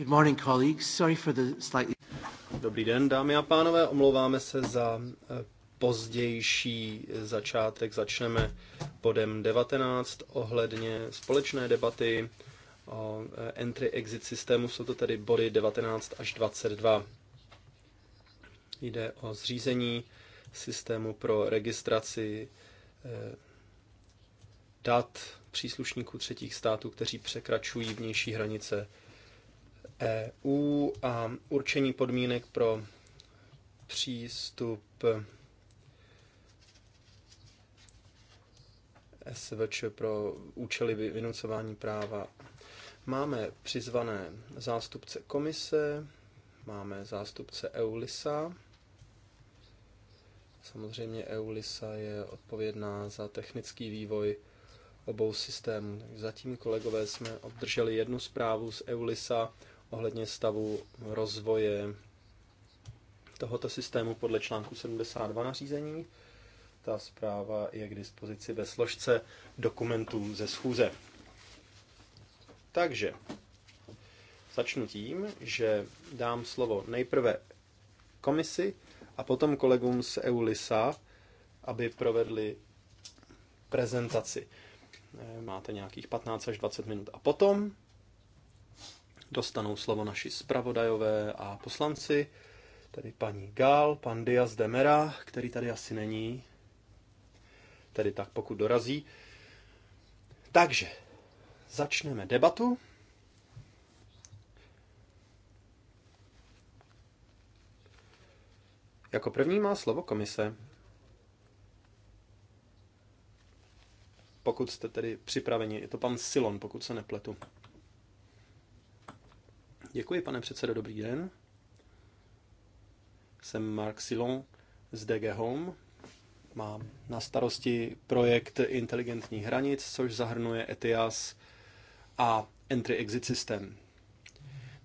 Good morning, colleagues. Sorry for the slightly... Dobrý den, dámy a pánové. Omlouváme se za eh, pozdější eh, začátek. Začneme bodem 19 ohledně společné debaty o eh, entry-exit systému. Jsou to tedy body 19 až 22. Jde o zřízení systému pro registraci dat příslušníků třetích států, kteří překračují vnější hranice EU a určení podmínek pro přístup SVČ pro účely vynucování práva. Máme přizvané zástupce komise, máme zástupce EULISA. Samozřejmě EULISA je odpovědná za technický vývoj obou systémů. Zatím, kolegové, jsme obdrželi jednu zprávu z EULISA ohledně stavu rozvoje tohoto systému podle článku 72 nařízení. Ta zpráva je k dispozici ve složce dokumentů ze schůze. Takže začnu tím, že dám slovo nejprve komisi a potom kolegům z EULISA, aby provedli prezentaci. Máte nějakých 15 až 20 minut. A potom dostanou slovo naši zpravodajové a poslanci, tedy paní Gál, pan Diaz Demera, který tady asi není, tedy tak pokud dorazí. Takže, začneme debatu. Jako první má slovo komise. Pokud jste tedy připraveni, je to pan Silon, pokud se nepletu. Děkuji, pane předsedo, dobrý den. Jsem Mark Silon z DG Home. Mám na starosti projekt inteligentních hranic, což zahrnuje ETIAS a Entry-Exit System.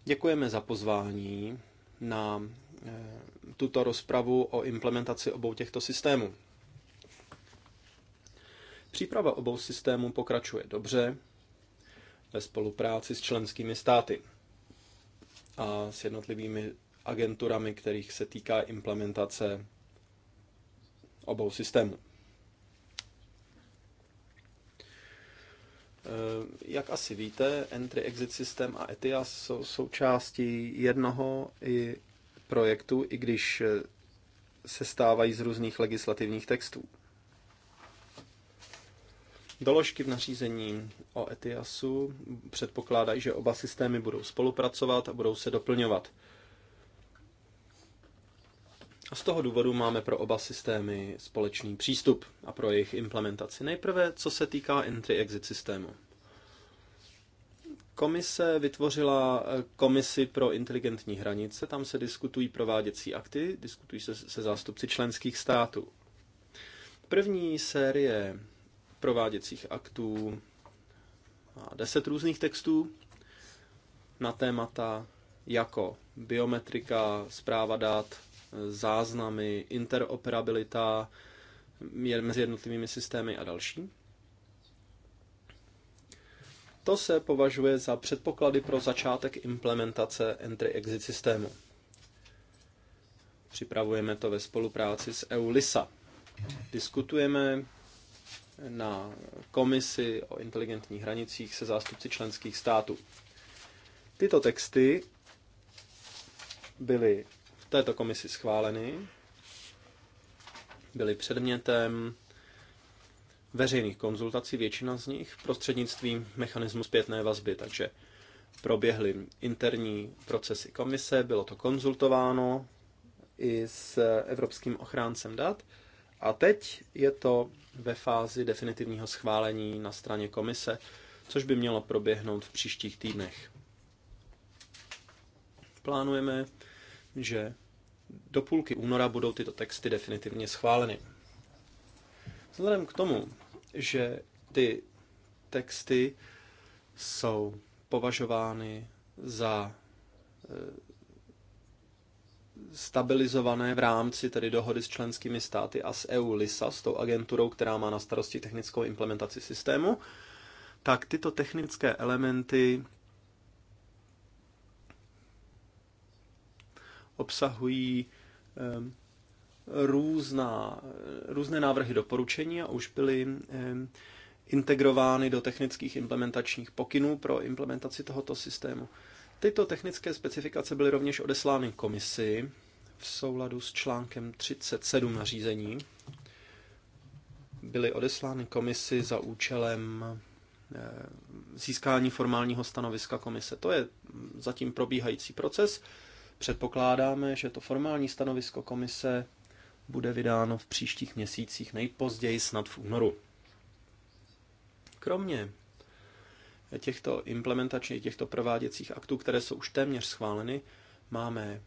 Děkujeme za pozvání na eh, tuto rozpravu o implementaci obou těchto systémů. Příprava obou systémů pokračuje dobře ve spolupráci s členskými státy a s jednotlivými agenturami, kterých se týká implementace obou systémů. Eh, jak asi víte, Entry-Exit systém a ETIAS jsou součástí jednoho i projektu, i když eh, se stávají z různých legislativních textů. Doložky v nařízení o ETIASu předpokládají, že oba systémy budou spolupracovat a budou se doplňovat. A z toho důvodu máme pro oba systémy společný přístup a pro jejich implementaci. Nejprve, co se týká entry-exit systému. Komise vytvořila eh, komisi pro inteligentní hranice, tam se diskutují prováděcí akty, diskutují se se zástupci členských států. První série prováděcích aktů a deset různých textů na témata jako biometrika, zpráva dat, záznamy, interoperabilita mezi jednotlivými systémy a další. To se považuje za předpoklady pro začátek implementace entry-exit systému. Připravujeme to ve spolupráci s EULISA. Diskutujeme na komisi o inteligentních hranicích se zástupci členských států. Tyto texty byly v této komisi schváleny, byly předmětem veřejných konzultací, většina z nich prostřednictvím mechanismu zpětné vazby, takže proběhly interní procesy komise, bylo to konzultováno i s evropským ochráncem dat a teď je to ve fázi definitivního schválení na straně komise, což by mělo proběhnout v příštích týdnech. Plánujeme, že do půlky února budou tyto texty definitivně schváleny. Vzhledem k tomu, že ty texty jsou považovány za eh, stabilizované v rámci tedy dohody s členskými státy a s EU LISA, s tou agenturou, která má na starosti technickou implementaci systému, tak tyto technické elementy obsahují ehm, různá, různé návrhy doporučení a už byly ehm, integrovány do technických implementačních pokynů pro implementaci tohoto systému. Tyto technické specifikace byly rovněž odeslány komisi v souladu s článkem 37 nařízení. Byly odeslány komisi za účelem eh, získání formálního stanoviska komise. To je zatím probíhající proces. Předpokládáme, že to formální stanovisko komise bude vydáno v příštích měsících, nejpozději snad v únoru. Kromě těchto implementačních, těchto prováděcích aktů, které jsou už téměř schváleny, máme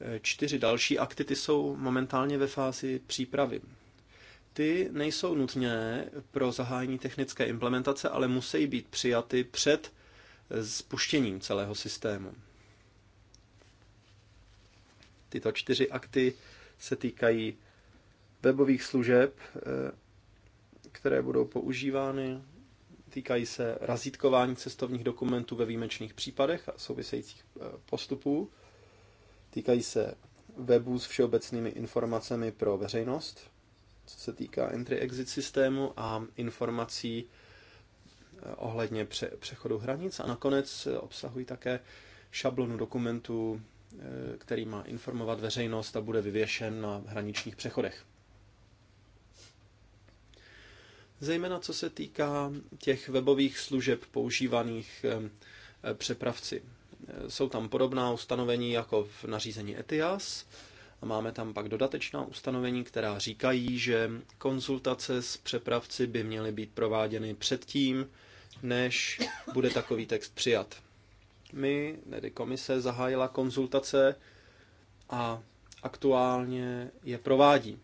eh, čtyři další akty, ty jsou momentálně ve fázi přípravy. Ty nejsou nutné pro zahájení technické implementace, ale musí být přijaty před eh, spuštěním celého systému. Tyto čtyři akty se týkají webových služeb, eh, které budou používány týkají se razítkování cestovních dokumentů ve výjimečných případech a souvisejících eh, postupů, týkají se webů s všeobecnými informacemi pro veřejnost, co se týká entry-exit systému a informací eh, ohledně pře- přechodu hranic a nakonec eh, obsahují také šablonu dokumentů, který má informovat veřejnost a bude vyvěšen na hraničních přechodech. zejména co se týká těch webových služeb používaných e, přepravci. E, jsou tam podobná ustanovení jako v nařízení ETIAS a máme tam pak dodatečná ustanovení, která říkají, že konzultace s přepravci by měly být prováděny předtím, než bude takový text přijat. My, tedy komise, zahájila konzultace a aktuálně je provádí.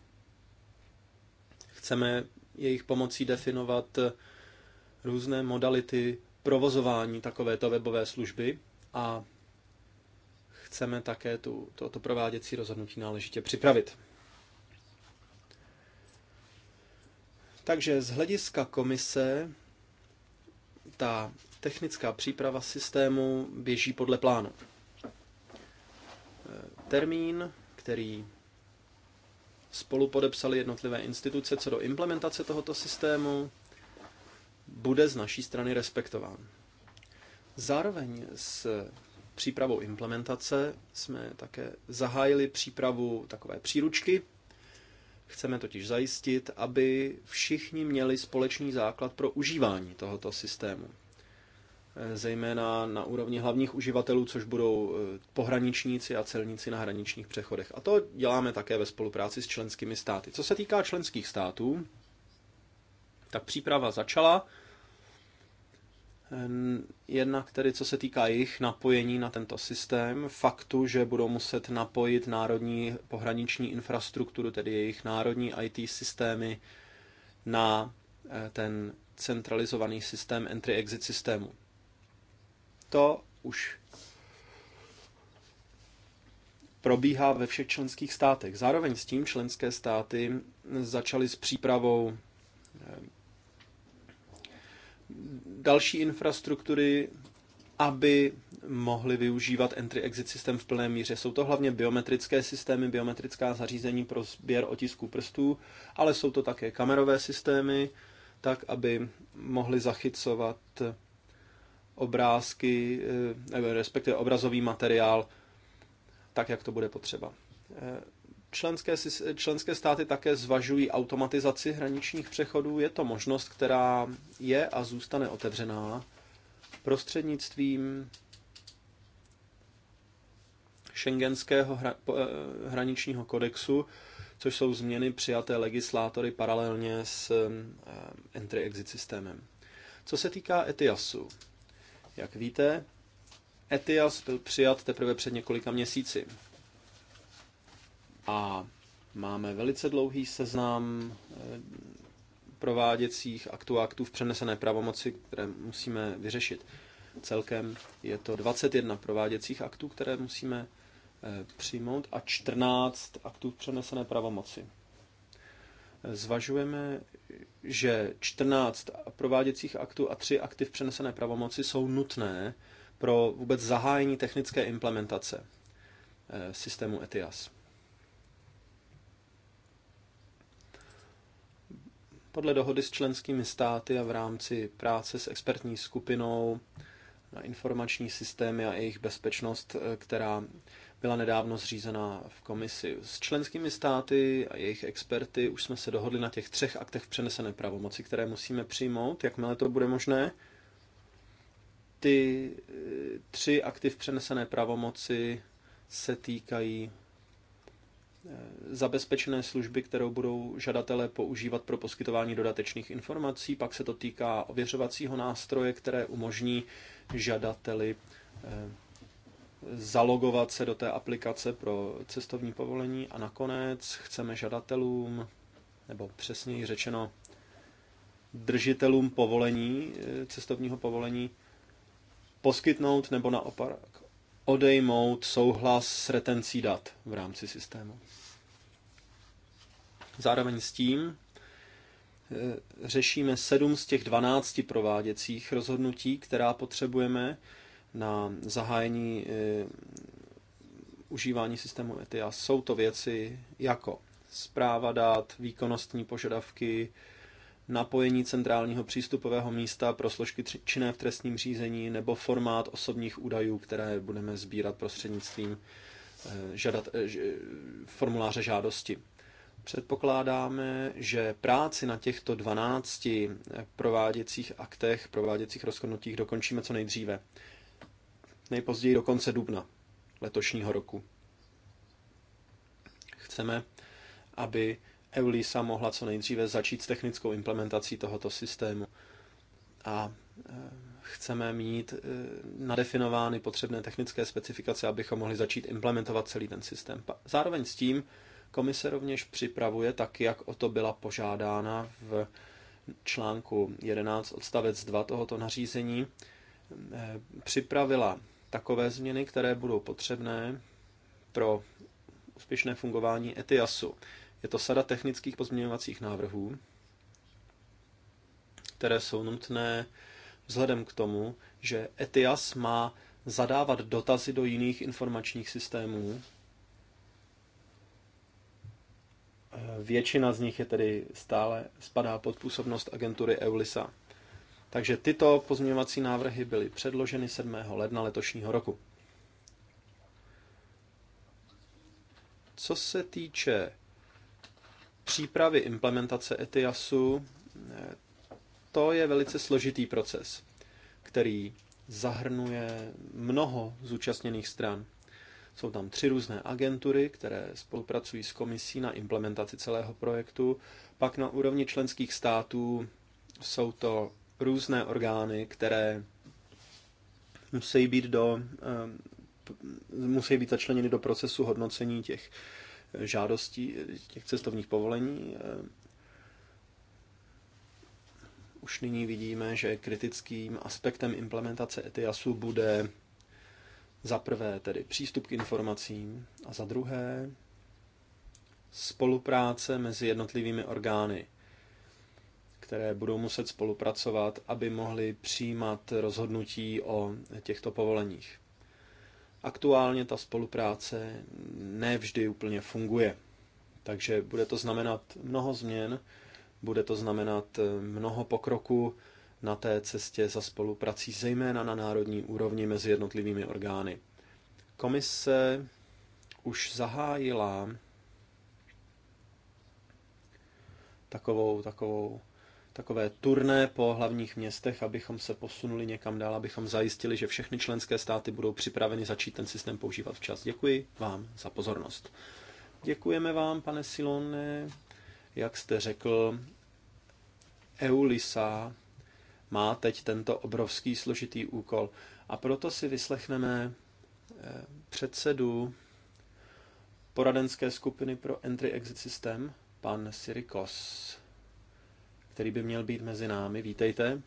Chceme jejich pomocí definovat eh, různé modality provozování takovéto webové služby a chceme také tu, toto prováděcí rozhodnutí náležitě připravit. Takže z hlediska komise ta technická příprava systému běží podle plánu. Eh, termín, který spolu jednotlivé instituce co do implementace tohoto systému, bude z naší strany respektován. Zároveň s přípravou implementace jsme také zahájili přípravu takové příručky. Chceme totiž zajistit, aby všichni měli společný základ pro užívání tohoto systému. Eh, zejména na úrovni hlavních uživatelů, což budou eh, pohraničníci a celníci na hraničních přechodech. A to děláme také ve spolupráci s členskými státy. Co se týká členských států, tak příprava začala. Eh, jednak tedy, co se týká jejich napojení na tento systém, faktu, že budou muset napojit národní pohraniční infrastrukturu, tedy jejich národní IT systémy, na ten centralizovaný systém entry-exit systému to už probíhá ve všech členských státech. Zároveň s tím členské státy začaly s přípravou eh, další infrastruktury, aby mohli využívat entry-exit systém v plné míře. Jsou to hlavně biometrické systémy, biometrická zařízení pro sběr otisků prstů, ale jsou to také kamerové systémy, tak aby mohli zachycovat obrázky, eh, respektive obrazový materiál, tak, jak to bude potřeba. Eh, členské, členské státy také zvažují automatizaci hraničních přechodů. Je to možnost, která je a zůstane otevřená prostřednictvím šengenského hra, eh, hraničního kodexu, což jsou změny přijaté legislátory paralelně s entry-exit systémem. Co se týká ETIASu, jak víte, ETIAS byl přijat teprve před několika měsíci. A máme velice dlouhý seznam eh, prováděcích aktů a aktů v přenesené pravomoci, které musíme vyřešit. Celkem je to 21 prováděcích aktů, které musíme eh, přijmout a 14 aktů v přenesené pravomoci zvažujeme, že 14 prováděcích aktů a 3 akty v přenesené pravomoci jsou nutné pro vůbec zahájení technické implementace eh, systému ETIAS. Podle dohody s členskými státy a v rámci práce s expertní skupinou na informační systémy a jejich bezpečnost, eh, která byla nedávno zřízena v komisi. S členskými státy a jejich experty už jsme se dohodli na těch třech aktech přenesené pravomoci, které musíme přijmout, jakmile to bude možné. Ty eh, tři akty v přenesené pravomoci se týkají eh, zabezpečené služby, kterou budou žadatelé používat pro poskytování dodatečných informací. Pak se to týká ověřovacího nástroje, které umožní žadateli eh, zalogovat se do té aplikace pro cestovní povolení a nakonec chceme žadatelům, nebo přesněji řečeno držitelům povolení, eh, cestovního povolení, poskytnout nebo naopak odejmout souhlas s retencí dat v rámci systému. Zároveň s tím eh, řešíme sedm z těch 12 prováděcích rozhodnutí, která potřebujeme na zahájení eh, užívání systému e a Jsou to věci jako zpráva dát, výkonnostní požadavky, napojení centrálního přístupového místa pro složky činné v trestním řízení nebo formát osobních údajů, které budeme sbírat prostřednictvím eh, žadat, eh, formuláře žádosti. Předpokládáme, že práci na těchto 12 prováděcích aktech, prováděcích rozhodnutích dokončíme co nejdříve nejpozději do konce dubna letošního roku. Chceme, aby EULISA mohla co nejdříve začít s technickou implementací tohoto systému a e, chceme mít e, nadefinovány potřebné technické specifikace, abychom mohli začít implementovat celý ten systém. Zároveň s tím komise rovněž připravuje, tak jak o to byla požádána v článku 11 odstavec 2 tohoto nařízení, e, připravila takové změny, které budou potřebné pro úspěšné fungování ETIASu. Je to sada technických pozměňovacích návrhů, které jsou nutné vzhledem k tomu, že ETIAS má zadávat dotazy do jiných informačních systémů. Většina z nich je tedy stále spadá pod působnost agentury EULISA. Takže tyto pozměňovací návrhy byly předloženy 7. ledna letošního roku. Co se týče přípravy implementace ETIASu, to je velice složitý proces, který zahrnuje mnoho zúčastněných stran. Jsou tam tři různé agentury, které spolupracují s komisí na implementaci celého projektu. Pak na úrovni členských států jsou to různé orgány, které musí být, do, ehm, musí být začleněny do procesu hodnocení těch eh, žádostí, eh, těch cestovních povolení. Ehm. Už nyní vidíme, že kritickým aspektem implementace ETIASu bude za prvé tedy přístup k informacím a za druhé spolupráce mezi jednotlivými orgány které budou muset spolupracovat, aby mohly přijímat rozhodnutí o těchto povoleních. Aktuálně ta spolupráce nevždy úplně funguje, takže bude to znamenat mnoho změn, bude to znamenat eh, mnoho pokroku na té cestě za spoluprací, zejména na národní úrovni mezi jednotlivými orgány. Komise už zahájila takovou, takovou takové turné po hlavních městech, abychom se posunuli někam dál, abychom zajistili, že všechny členské státy budou připraveny začít ten systém používat včas. Děkuji vám za pozornost. Děkujeme vám, pane Silone. Jak jste řekl, Eulisa má teď tento obrovský složitý úkol. A proto si vyslechneme eh, předsedu poradenské skupiny pro Entry-Exit System, pan Sirikos který by měl být mezi námi. Vítejte.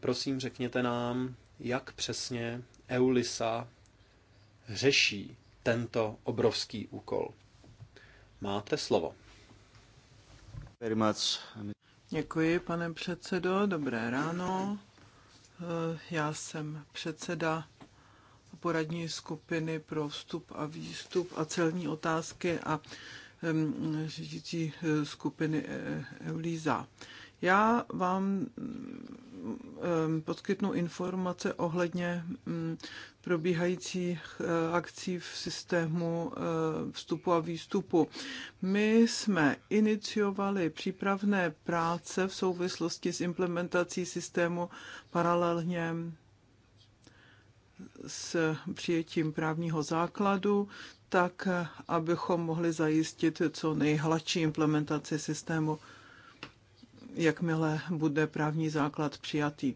Prosím, řekněte nám, jak přesně EULISA řeší tento obrovský úkol. Máte slovo. Very much. Děkuji, pane předsedo. Dobré ráno. Eh, já jsem předseda poradní skupiny pro vstup a výstup a celní otázky a řídící eh, skupiny Eulíza. Eh, Já vám poskytnu informace ohledně mm, probíhajících eh, akcí v systému vstupu a výstupu. My jsme iniciovali přípravné práce v souvislosti s implementací systému paralelně s přijetím právního základu tak abychom mohli zajistit co nejhladší implementaci systému, jakmile bude právní základ přijatý.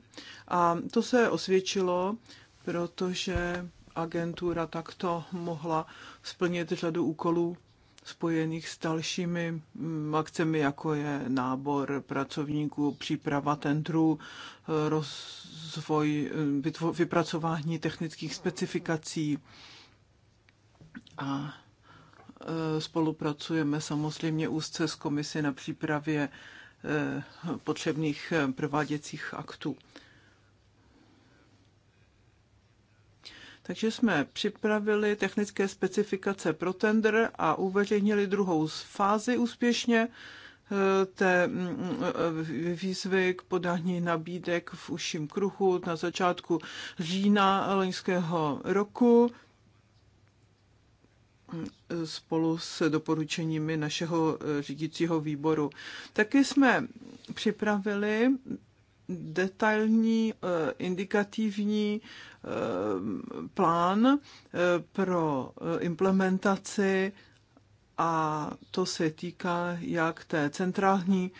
A to se osvědčilo, protože agentura takto mohla splnit řadu úkolů spojených s dalšími mm, akcemi, jako je nábor pracovníků, příprava tendrů, rozvoj, mm, vypracování technických specifikací, a e, spolupracujeme samozřejmě úzce s komisi na přípravě e, potřebných e, prováděcích aktů. Takže jsme připravili technické specifikace pro tender a uveřejnili druhou fázi úspěšně té výzvy k podání nabídek v užším kruhu na začátku října loňského roku spolu s doporučeními našeho eh, řídícího výboru. Taky jsme připravili detailní eh, indikativní eh, plán pro implementaci a to se týká jak té centrální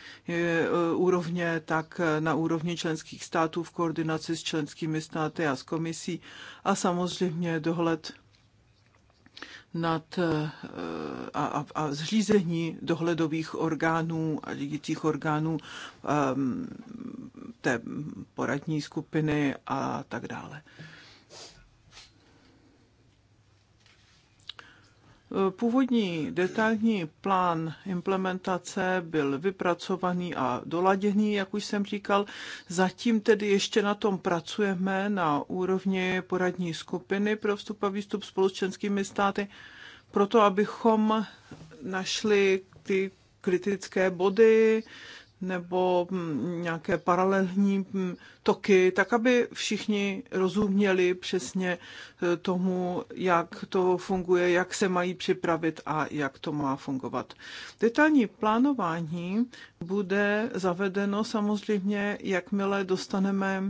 úrovně, tak na úrovni členských států v koordinaci s členskými státy a s komisí a samozřejmě dohled nad eh, a, a zřízení dohledových orgánů a řídících orgánů ehm, té poradní skupiny a tak dále. Původní detailní plán implementace byl vypracovaný a doladěný, jak už jsem říkal. Zatím tedy ještě na tom pracujeme na úrovni poradní skupiny pro vstup a výstup spolu s členskými státy, proto abychom našli ty kritické body, nebo mm, nějaké paralelní mm, toky, tak aby všichni rozuměli přesně e, tomu, jak to funguje, jak se mají připravit a jak to má fungovat. Detailní plánování bude zavedeno samozřejmě, jakmile dostaneme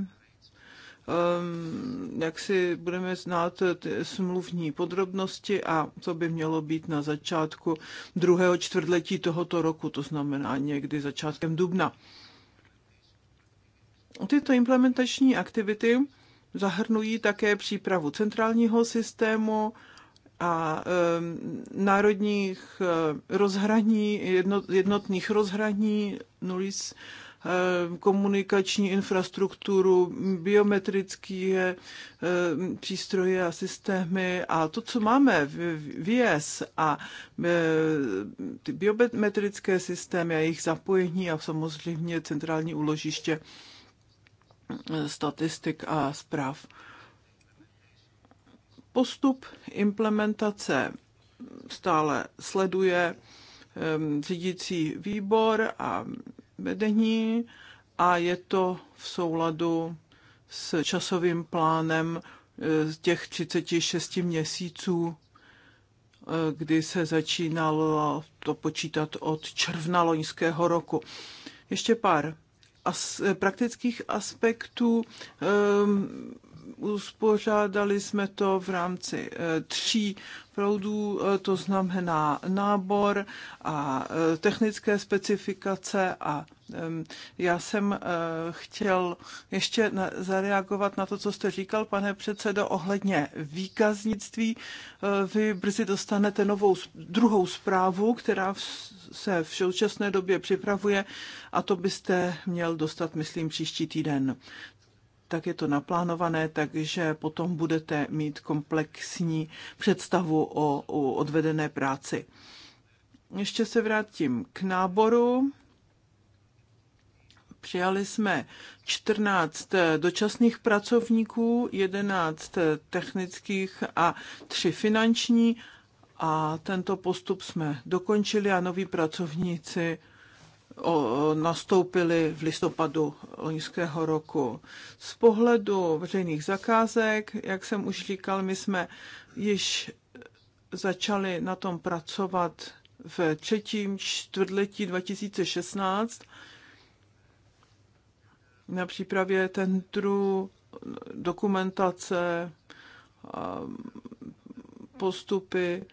Ehm, jak si budeme znát smluvní podrobnosti a co by mělo být na začátku druhého čtvrtletí tohoto roku, to znamená někdy začátkem dubna. Tyto implementační aktivity zahrnují také přípravu centrálního systému a ehm, národních ehm, rozhraní, jednotných rozhraní NULIS Eh, komunikační infrastrukturu, biometrické eh, přístroje a systémy a to, co máme v VS a eh, ty biometrické systémy a jejich zapojení a samozřejmě centrální úložiště statistik a zpráv. Postup implementace stále sleduje řídící výbor a vedení a je to v souladu s časovým plánem z eh, těch 36 měsíců, eh, kdy se začínalo to počítat od června loňského roku. Ještě pár as, praktických aspektů. Ehm, uspořádali jsme to v rámci eh, tří proudů, eh, to znamená nábor a eh, technické specifikace a já jsem chtěl ještě zareagovat na to, co jste říkal, pane předsedo, ohledně výkaznictví. Vy brzy dostanete novou druhou zprávu, která se v současné době připravuje a to byste měl dostat, myslím, příští týden tak je to naplánované, takže potom budete mít komplexní představu o, o odvedené práci. Ještě se vrátím k náboru. Přijali jsme 14 dočasných pracovníků, 11 technických a 3 finanční a tento postup jsme dokončili a noví pracovníci nastoupili v listopadu loňského roku. Z pohledu veřejných zakázek, jak jsem už říkal, my jsme již začali na tom pracovat v třetím čtvrtletí 2016 na přípravě tendru dokumentace, postupy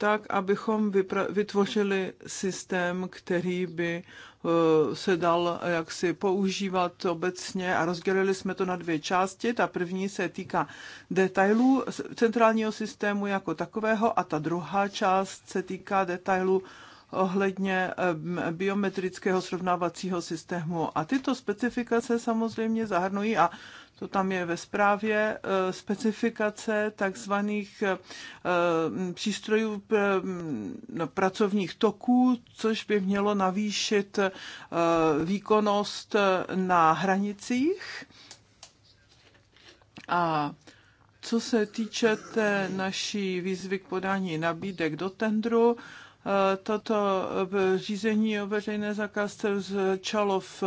tak, abychom vytvořili systém, který by eh, se dal jaksi používat obecně a rozdělili jsme to na dvě části. Ta první se týká detailů centrálního systému jako takového a ta druhá část se týká detailů ohledně eh, biometrického srovnávacího systému. A tyto specifikace samozřejmě zahrnují a to tam je ve zprávě, eh, specifikace takzvaných eh, mm, přístrojů mm, no, pracovních toků, což by mělo navýšit eh, výkonnost na hranicích. A co se týče té naší výzvy k podání nabídek do tendru, Toto eh, řízení o veřejné zakázce začalo v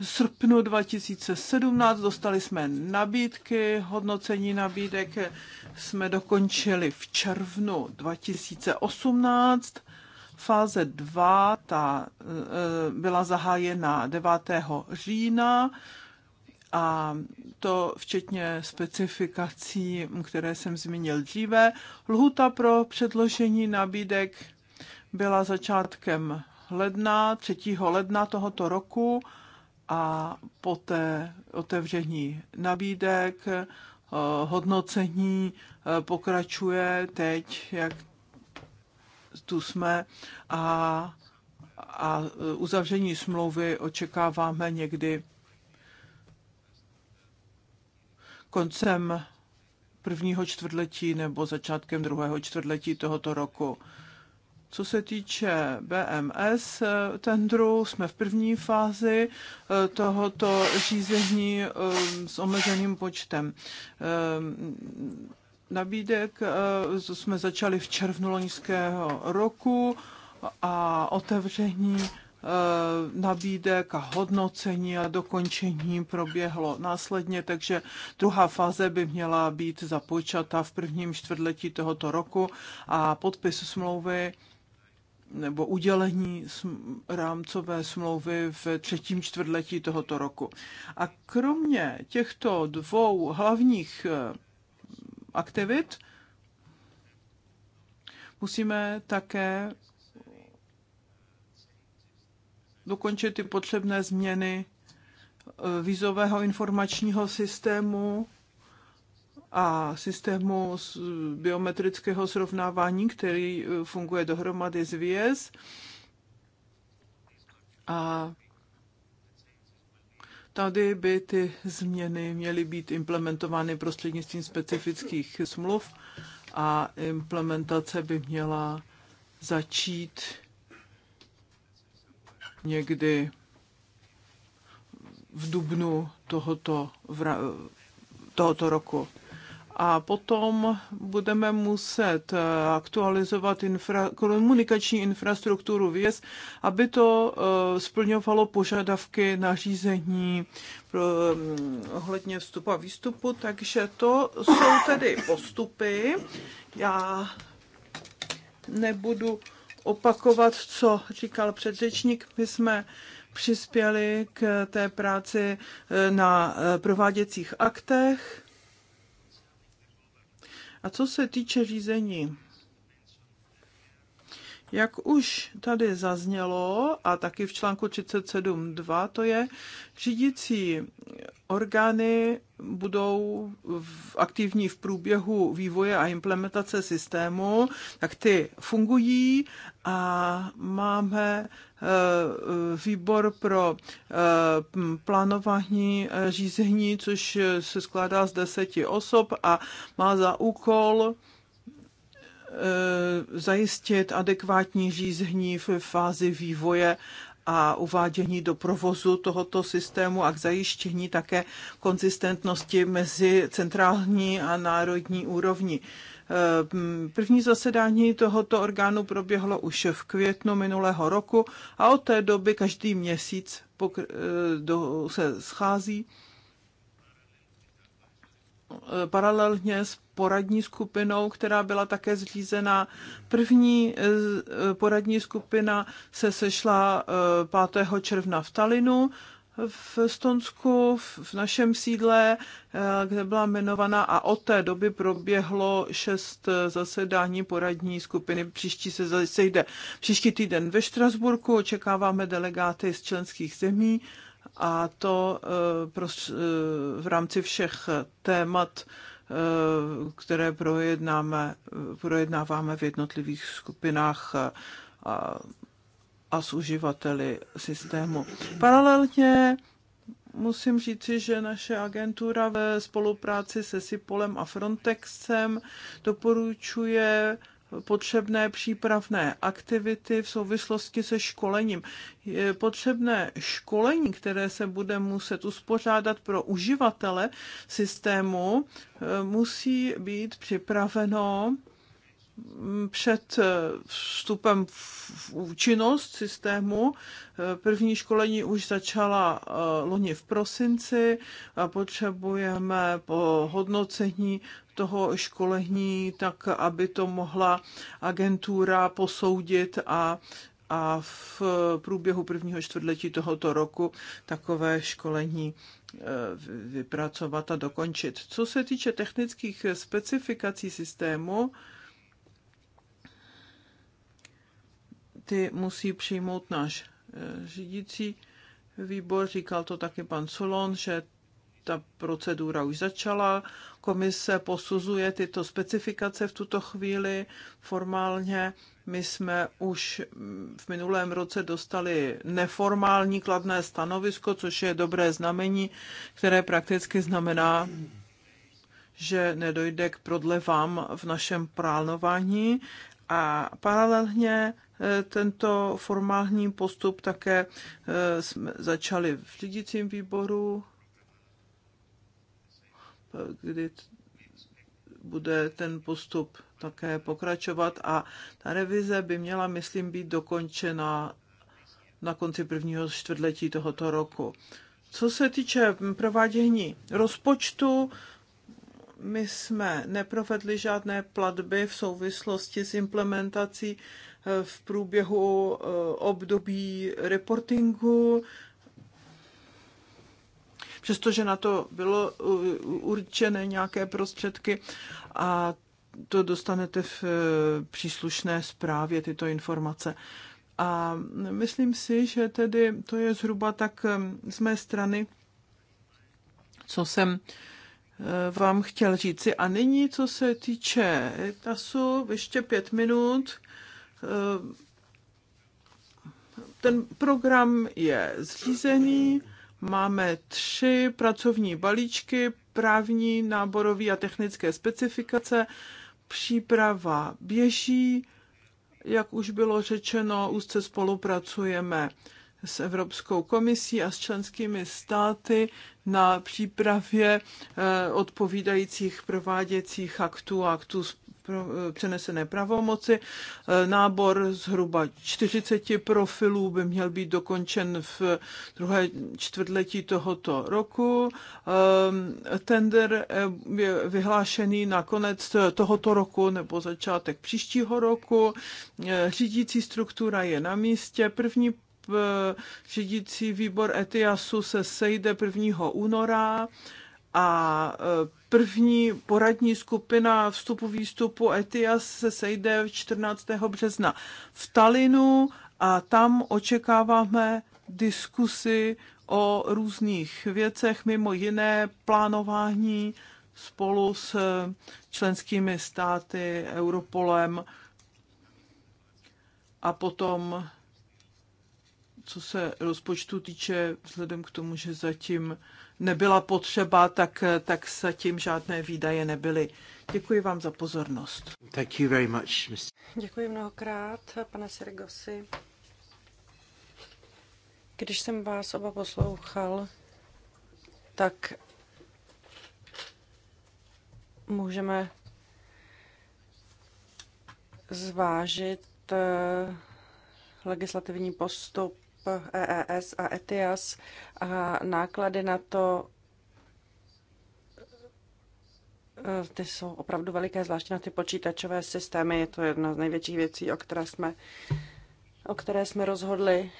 srpnu 2017. Dostali jsme nabídky, hodnocení nabídek jsme dokončili v červnu 2018. Fáze 2 ta, eh, byla zahájena 9. října a to včetně specifikací, které jsem zmínil dříve. Lhuta pro předložení nabídek byla začátkem ledna, 3. ledna tohoto roku a poté otevření nabídek, eh, hodnocení eh, pokračuje teď, jak tu jsme a, a eh, uzavření smlouvy očekáváme někdy koncem prvního čtvrtletí nebo začátkem druhého čtvrtletí tohoto roku. Co se týče BMS tendru, jsme v první fázi eh, tohoto řízení eh, s omezeným počtem eh, nabídek. Jsme začali v červnu loňského roku a otevření nabídek a hodnocení a dokončení proběhlo následně, takže druhá fáze by měla být započata v prvním čtvrtletí tohoto roku a podpis smlouvy nebo udělení rámcové smlouvy v třetím čtvrtletí tohoto roku. A kromě těchto dvou hlavních eh, aktivit musíme také dokončit ty potřebné změny eh, vízového informačního systému a systému biometrického srovnávání, který eh, funguje dohromady s VIES. A tady by ty změny měly být implementovány prostřednictvím specifických smluv a implementace by měla začít někdy v dubnu tohoto, tohoto roku a potom budeme muset eh, aktualizovat infra, komunikační infrastrukturu věz, aby to eh, splňovalo požadavky nařízení pro, mm, ohledně vstupu a výstupu, takže to jsou tedy postupy. Já nebudu opakovat, co říkal předřečník. My jsme přispěli k té práci eh, na prováděcích aktech a co se týče řízení, jak už tady zaznělo, a taky v článku 37.2, to je, řídící orgány budou v, aktivní v průběhu vývoje a implementace systému, tak ty fungují a máme eh, výbor pro eh, plánování eh, řízení, což se skládá z deseti osob a má za úkol Eh, zajistit adekvátní řízení v fázi vývoje a uvádění do provozu tohoto systému a k zajištění také konzistentnosti mezi centrální a národní úrovní. Eh, první zasedání tohoto orgánu proběhlo už v květnu minulého roku a od té doby každý měsíc eh, se schází Eh, paralelně s poradní skupinou, která byla také zřízena. První eh, poradní skupina se sešla 5. Eh, června v Talinu v Stonsku, v našem sídle, kde byla jmenovaná a od té doby proběhlo šest zasedání poradní skupiny. Příští se sejde příští týden ve Štrasburku, očekáváme delegáty z členských zemí a to eh, eh, v rámci všech témat, eh, které projednáme, projednáváme v jednotlivých skupinách a, a s uživateli systému. Paralelně musím říci, že naše agentura ve spolupráci se SIPOLem a Frontexem doporučuje potřebné přípravné aktivity v souvislosti se školením. Je potřebné školení, které se bude muset uspořádat pro uživatele systému, e, musí být připraveno před eh, vstupem v účinnost systému. Eh, první školení už začala eh, loni v prosinci a potřebujeme po hodnocení toho školení, tak aby to mohla agentura posoudit a a v průběhu prvního čtvrtletí tohoto roku takové školení vypracovat a dokončit. Co se týče technických specifikací systému, ty musí přijmout náš eh, řídící výbor. Říkal to taky pan Solon, že ta procedura už začala. Komise posuzuje tyto specifikace v tuto chvíli formálně. My jsme už mm, v minulém roce dostali neformální kladné stanovisko, což je dobré znamení, které prakticky znamená, že nedojde k prodlevám v našem plánování a paralelně eh, tento formální postup také eh, jsme začali v řídícím výboru, kdy bude ten postup také pokračovat a ta revize by měla, myslím, být dokončena na konci prvního čtvrtletí tohoto roku. Co se týče provádění rozpočtu, my jsme neprovedli žádné platby v souvislosti s implementací eh, v průběhu eh, období reportingu, přestože na to bylo eh, určené nějaké prostředky a to dostanete v příslušné zprávě tyto informace. A myslím si, že tedy to je zhruba tak z mé strany, co jsem Eh, vám chtěl říci. A nyní, co se týče ETASu, ještě pět minut. Eh, ten program je zřízený, máme tři pracovní balíčky, právní, náborové a technické specifikace. Příprava běží, jak už bylo řečeno, úzce spolupracujeme s Evropskou komisí a s členskými státy na přípravě eh, odpovídajících prováděcích aktů a aktů eh, přenesené pravomoci. Eh, nábor zhruba 40 profilů by měl být dokončen v druhé čtvrtletí tohoto roku. Tender je vyhlášený na konec tohoto roku nebo začátek příštího roku. Řídící struktura je na místě. První E, řídící výbor ETIASu se sejde 1. února a e, první poradní skupina vstupu výstupu ETIAS se sejde 14. března v Talinu a tam očekáváme diskusy o různých věcech, mimo jiné plánování spolu s členskými státy, Europolem a potom co se rozpočtu týče, vzhledem k tomu, že zatím nebyla potřeba, tak, tak zatím žádné výdaje nebyly. Děkuji vám za pozornost. Thank you very much, Mr. Děkuji mnohokrát, pane Sergosi. Když jsem vás oba poslouchal, tak můžeme zvážit eh, legislativní postup EES a ETIAS a náklady na to eh, ty jsou opravdu veliké, zvláště na ty počítačové systémy. Je to jedna z největších věcí, o které jsme, o které jsme rozhodli.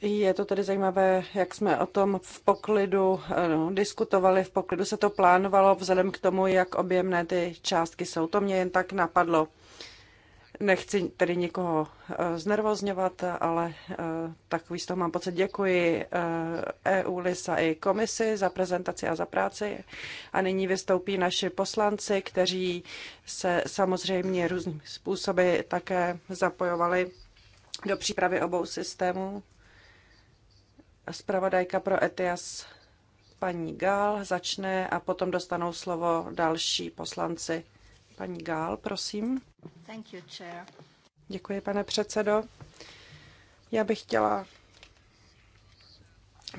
Je to tedy zajímavé, jak jsme o tom v poklidu eh, no, diskutovali, v poklidu se to plánovalo vzhledem k tomu, jak objemné ty částky jsou. To mě jen tak napadlo. Nechci tedy nikoho eh, znervozňovat, ale eh, takový z toho mám pocit. Děkuji EU, eh, e LISA i komisi za prezentaci a za práci. A nyní vystoupí naši poslanci, kteří se samozřejmě různými způsoby také zapojovali do přípravy obou systémů. Spravodajka pro ETIAS paní Gál začne a potom dostanou slovo další poslanci. Paní Gál, prosím. Děkuji, pane předsedo. Já bych chtěla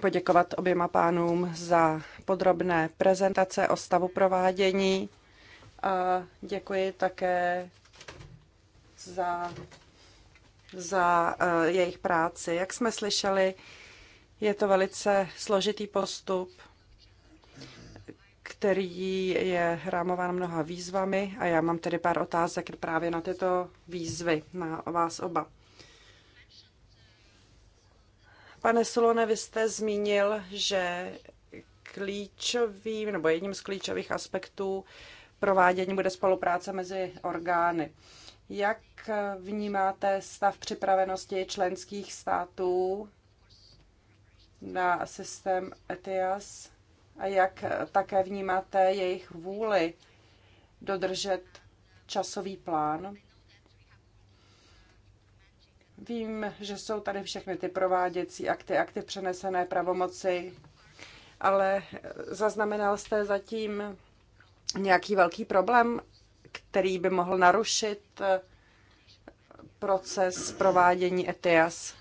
poděkovat oběma pánům za podrobné prezentace o stavu provádění a děkuji také za, za eh, jejich práci. Jak jsme slyšeli, je to velice složitý postup který je rámován mnoha výzvami a já mám tedy pár otázek právě na tyto výzvy, na vás oba. Pane Solone, vy jste zmínil, že klíčovým nebo jedním z klíčových aspektů provádění bude spolupráce mezi orgány. Jak vnímáte stav připravenosti členských států na systém ETIAS? a jak eh, také vnímáte jejich vůli dodržet časový plán. Vím, že jsou tady všechny ty prováděcí akty, akty přenesené pravomoci, ale eh, zaznamenal jste zatím nějaký velký problém, který by mohl narušit eh, proces provádění ETIAS?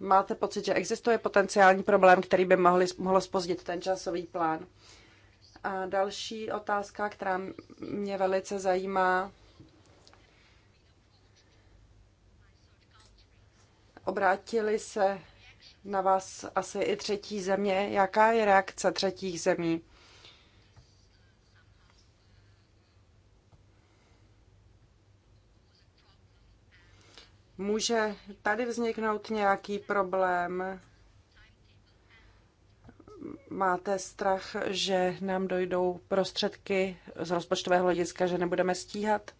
Máte pocit, že existuje potenciální problém, který by mohli, mohlo spozdit ten časový plán? A další otázka, která mě velice zajímá, obrátili se na vás asi i třetí země. Jaká je reakce třetích zemí? Může tady vzniknout nějaký problém? Máte strach, že nám dojdou prostředky z rozpočtového hlediska, že nebudeme stíhat?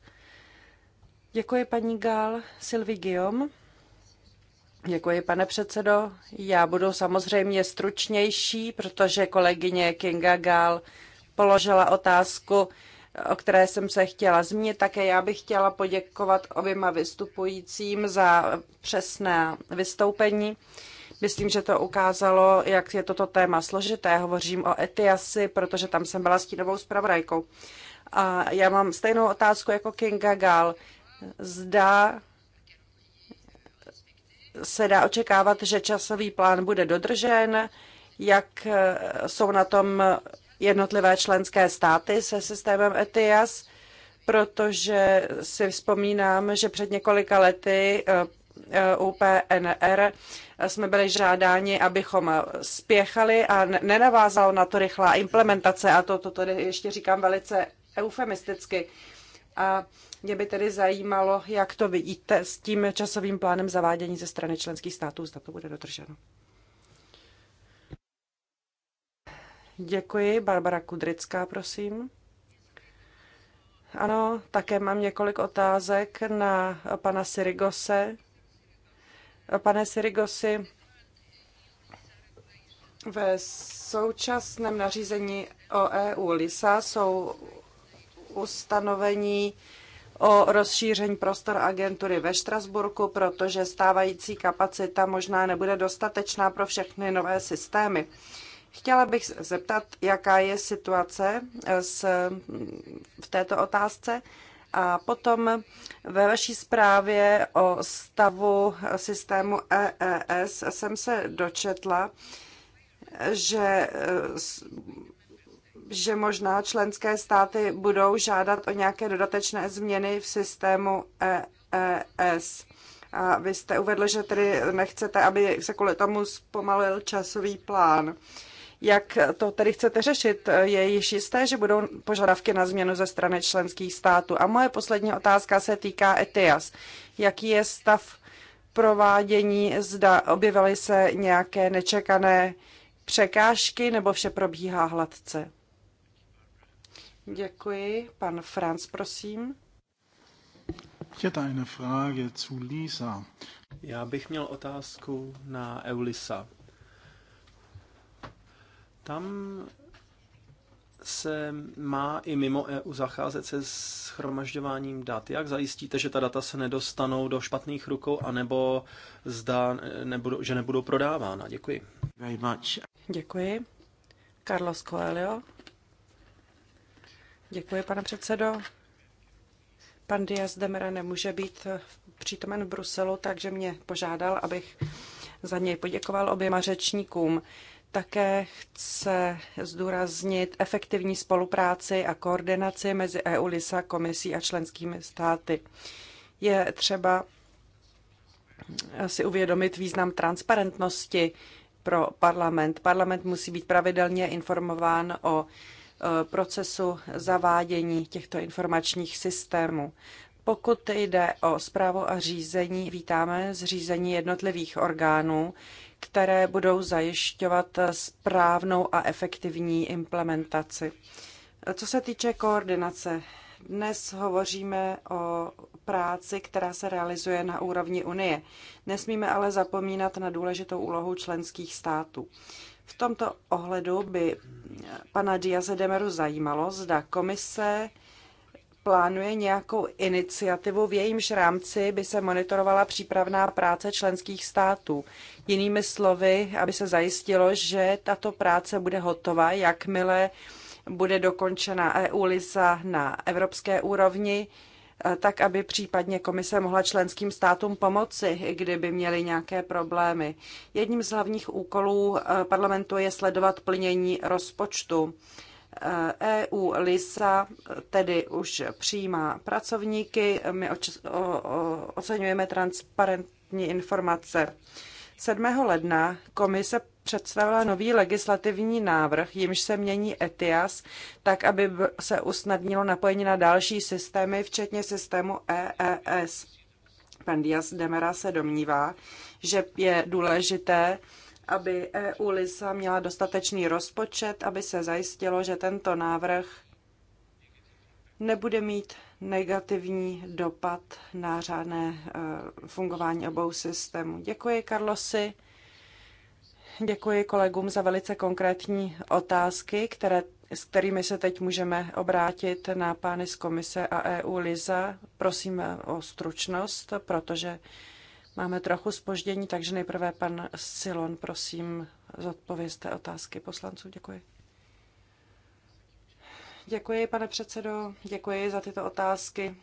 Děkuji paní Gál, Sylvie Guillaume. Děkuji, pane předsedo. Já budu samozřejmě stručnější, protože kolegyně Kinga Gál položila otázku, o které jsem se chtěla zmínit. Také já bych chtěla poděkovat oběma vystupujícím za přesné vystoupení. Myslím, že to ukázalo, jak je toto téma složité. Hovořím o Etiasy, protože tam jsem byla stínovou zpravodajkou. A já mám stejnou otázku jako Kinga Gal. Zda se dá očekávat, že časový plán bude dodržen, jak jsou na tom jednotlivé členské státy se systémem ETIAS, protože si vzpomínám, že před několika lety eh, eh, UPNR jsme byli žádáni, abychom spěchali a nenavázal na to rychlá implementace a to, to tady ještě říkám velice eufemisticky. A mě by tedy zajímalo, jak to vidíte s tím časovým plánem zavádění ze strany členských států, zda to bude dodrženo. Děkuji. Barbara Kudrická, prosím. Ano, také mám několik otázek na pana Sirigose. Pane Sirigosi, ve současném nařízení o EU LISA jsou ustanovení o rozšíření prostor agentury ve Štrasburku, protože stávající kapacita možná nebude dostatečná pro všechny nové systémy. Chtěla bych zeptat, jaká je situace eh, s, v této otázce. A potom ve vaší zprávě o stavu systému EES jsem se dočetla, že eh, že možná členské státy budou žádat o nějaké dodatečné změny v systému EES. A vy jste uvedl, že tedy nechcete, aby se kvůli tomu zpomalil časový plán. Jak to tedy chcete řešit? Je již jisté, že budou požadavky na změnu ze strany členských států. A moje poslední otázka se týká ETIAS. Jaký je stav provádění? Zda objevily se nějaké nečekané překážky nebo vše probíhá hladce? Děkuji. Pan Franz, prosím. Já bych měl otázku na Eulisa. Tam se má i mimo EU zacházet se schromažďováním dat? Jak zajistíte, že ta data se nedostanou do špatných rukou, anebo zda, nebudou, že nebudou prodávána? Děkuji. Very much. Děkuji. Carlos Coelho. Děkuji, pane předsedo. Pan Diaz Demera nemůže být přítomen v Bruselu, takže mě požádal, abych za něj poděkoval oběma řečníkům. Uh, také chce zdůraznit efektivní spolupráci a koordinaci mezi EU, LISA, komisí a členskými státy. Je třeba si uvědomit význam transparentnosti pro parlament. Parlament musí být pravidelně informován o e, procesu zavádění těchto informačních systémů. Pokud jde o zprávu a řízení, vítáme zřízení jednotlivých orgánů, které budou zajišťovat správnou a efektivní implementaci. Co se týče koordinace, dnes hovoříme o práci, která se realizuje na úrovni Unie. Nesmíme ale zapomínat na důležitou úlohu členských států. V tomto ohledu by pana Diaze Demeru zajímalo, zda komise plánuje nějakou iniciativu, v jejímž rámci by se monitorovala přípravná práce členských států. Jinými slovy, aby se zajistilo, že tato práce bude hotová, jakmile bude dokončena EU-LISA na evropské úrovni, eh, tak aby případně komise mohla členským státům pomoci, kdyby měly nějaké problémy. Jedním z hlavních úkolů eh, parlamentu je sledovat plnění rozpočtu. EU e LISA tedy už přijímá pracovníky, my oceňujeme transparentní informace. 7. ledna komise představila nový legislativní návrh, jimž se mění ETIAS, tak aby se usnadnilo napojení na další systémy, včetně systému EES. Pan Díaz Demera se domnívá, že je důležité, aby EU LISA měla dostatečný rozpočet, aby se zajistilo, že tento návrh nebude mít negativní dopad na řádné e, fungování obou systémů. Děkuji, Karlosi. Děkuji kolegům za velice konkrétní otázky, které, s kterými se teď můžeme obrátit na pány z Komise a EU Liza. Prosím o stručnost, protože Máme trochu spoždění, takže nejprve pan Silon, prosím, zodpovězte otázky poslanců. Děkuji. Děkuji, pane předsedo, děkuji za tyto otázky.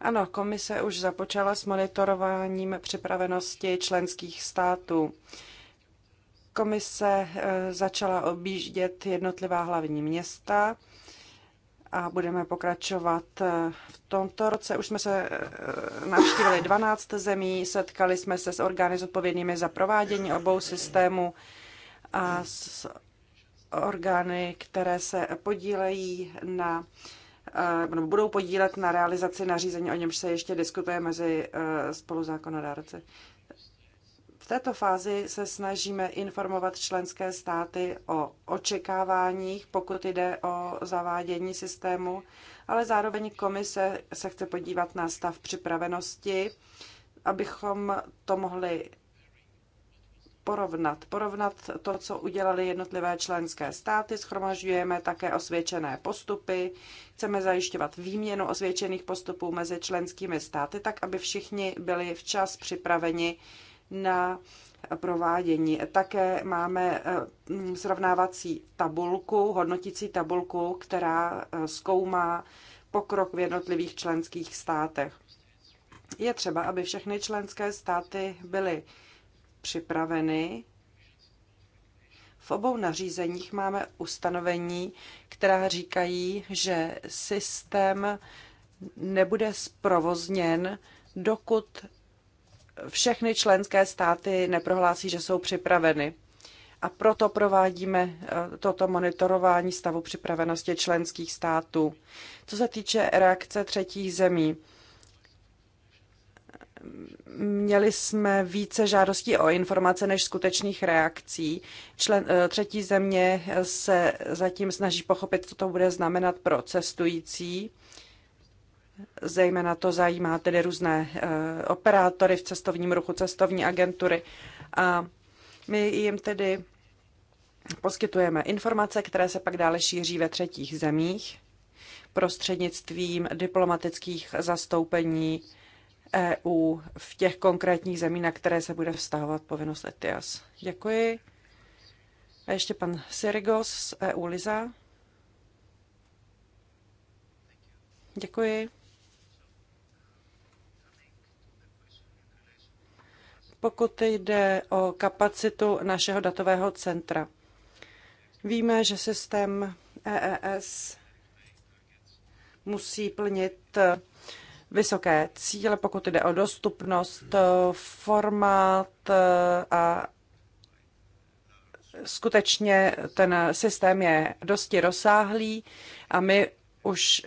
Ano, komise už započala s monitorováním připravenosti členských států. Komise eh, začala objíždět jednotlivá hlavní města a budeme pokračovat. Eh, v tomto roce už jsme se eh, navštívili 12 zemí, setkali jsme se s orgány zodpovědnými za provádění obou systémů a s orgány, které se podílejí na eh, nebo budou podílet na realizaci nařízení, o němž se ještě diskutuje mezi spoluzákonodárci této fázi se snažíme informovat členské státy o očekáváních, pokud jde o zavádění systému, ale zároveň komise se chce podívat na stav připravenosti, abychom to mohli porovnat. Porovnat to, co udělali jednotlivé členské státy, schromažďujeme také osvědčené postupy, chceme zajišťovat výměnu osvědčených postupů mezi členskými státy, tak aby všichni byli včas připraveni na provádění. Také máme eh, srovnávací tabulku, hodnotící tabulku, která eh, zkoumá pokrok v jednotlivých členských státech. Je třeba, aby všechny členské státy byly připraveny. V obou nařízeních máme ustanovení, která říkají, že systém nebude zprovozněn, dokud všechny členské státy neprohlásí, že jsou připraveny. A proto provádíme eh, toto monitorování stavu připravenosti členských států. Co se týče reakce třetích zemí, měli jsme více žádostí o informace než skutečných reakcí. Člen, eh, třetí země se zatím snaží pochopit, co to bude znamenat pro cestující Zejména to zajímá tedy různé eh, operátory v cestovním ruchu, cestovní agentury. A my jim tedy poskytujeme informace, které se pak dále šíří ve třetích zemích prostřednictvím diplomatických zastoupení EU v těch konkrétních zemích, na které se bude vztahovat povinnost ETIAS. Děkuji. A ještě pan Sirigos z EU Liza. Děkuji. pokud jde o kapacitu našeho datového centra. Víme, že systém EES musí plnit vysoké cíle, pokud jde o dostupnost, formát a skutečně ten systém je dosti rozsáhlý a my už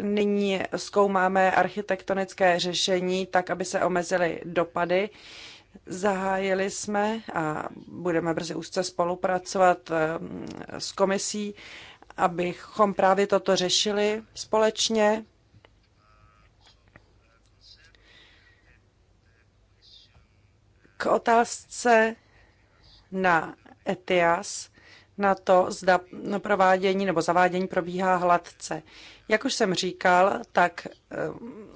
nyní zkoumáme architektonické řešení tak, aby se omezily dopady. Zahájili jsme a budeme brzy úzce spolupracovat eh, s komisí, abychom právě toto řešili společně. K otázce na ETIAS, na to, zda provádění nebo zavádění probíhá hladce. Jak už jsem říkal, tak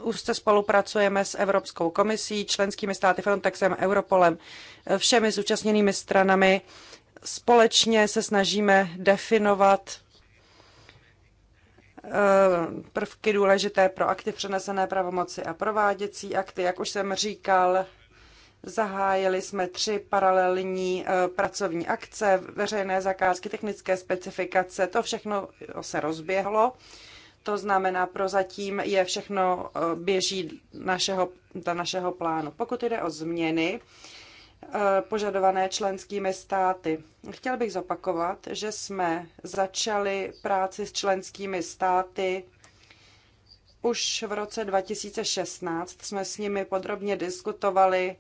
úzce eh, spolupracujeme s Evropskou komisí, členskými státy Frontexem, Europolem, eh, všemi zúčastněnými stranami. Společně se snažíme definovat eh, prvky důležité pro akty přenesené pravomoci a prováděcí akty. Jak už jsem říkal, Zahájili jsme tři paralelní pracovní akce, veřejné zakázky, technické specifikace, to všechno se rozběhlo. To znamená, prozatím je všechno eh, běží našeho, ta našeho plánu. Pokud jde o změny eh, požadované členskými státy, chtěl bych zopakovat, že jsme začali práci s členskými státy už v roce 2016 jsme s nimi podrobně diskutovali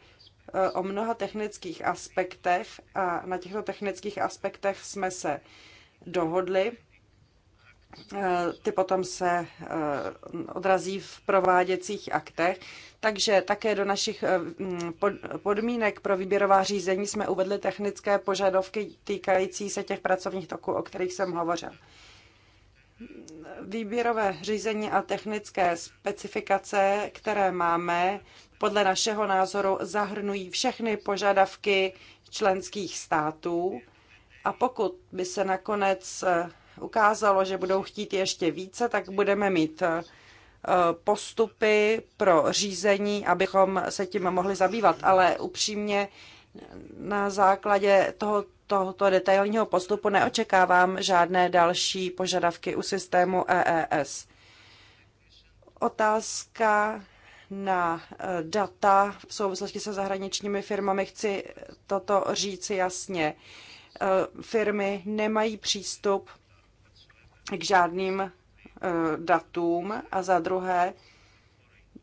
eh, o mnoha technických aspektech a na těchto technických aspektech jsme se dohodli. Eh, ty potom se eh, odrazí v prováděcích aktech. Takže také do našich eh, podmínek pro výběrová řízení jsme uvedli technické požadovky týkající se těch pracovních toků, o kterých jsem hovořil. Výběrové řízení a technické specifikace, které máme, podle našeho názoru zahrnují všechny požadavky členských států. A pokud by se nakonec ukázalo, že budou chtít ještě více, tak budeme mít eh, postupy pro řízení, abychom se tím mohli zabývat. Ale upřímně na základě toho, tohoto detailního postupu neočekávám žádné další požadavky u systému EES. Otázka na eh, data v souvislosti se zahraničními firmami. Chci toto říct jasně. Eh, firmy nemají přístup k žádným e, datům a za druhé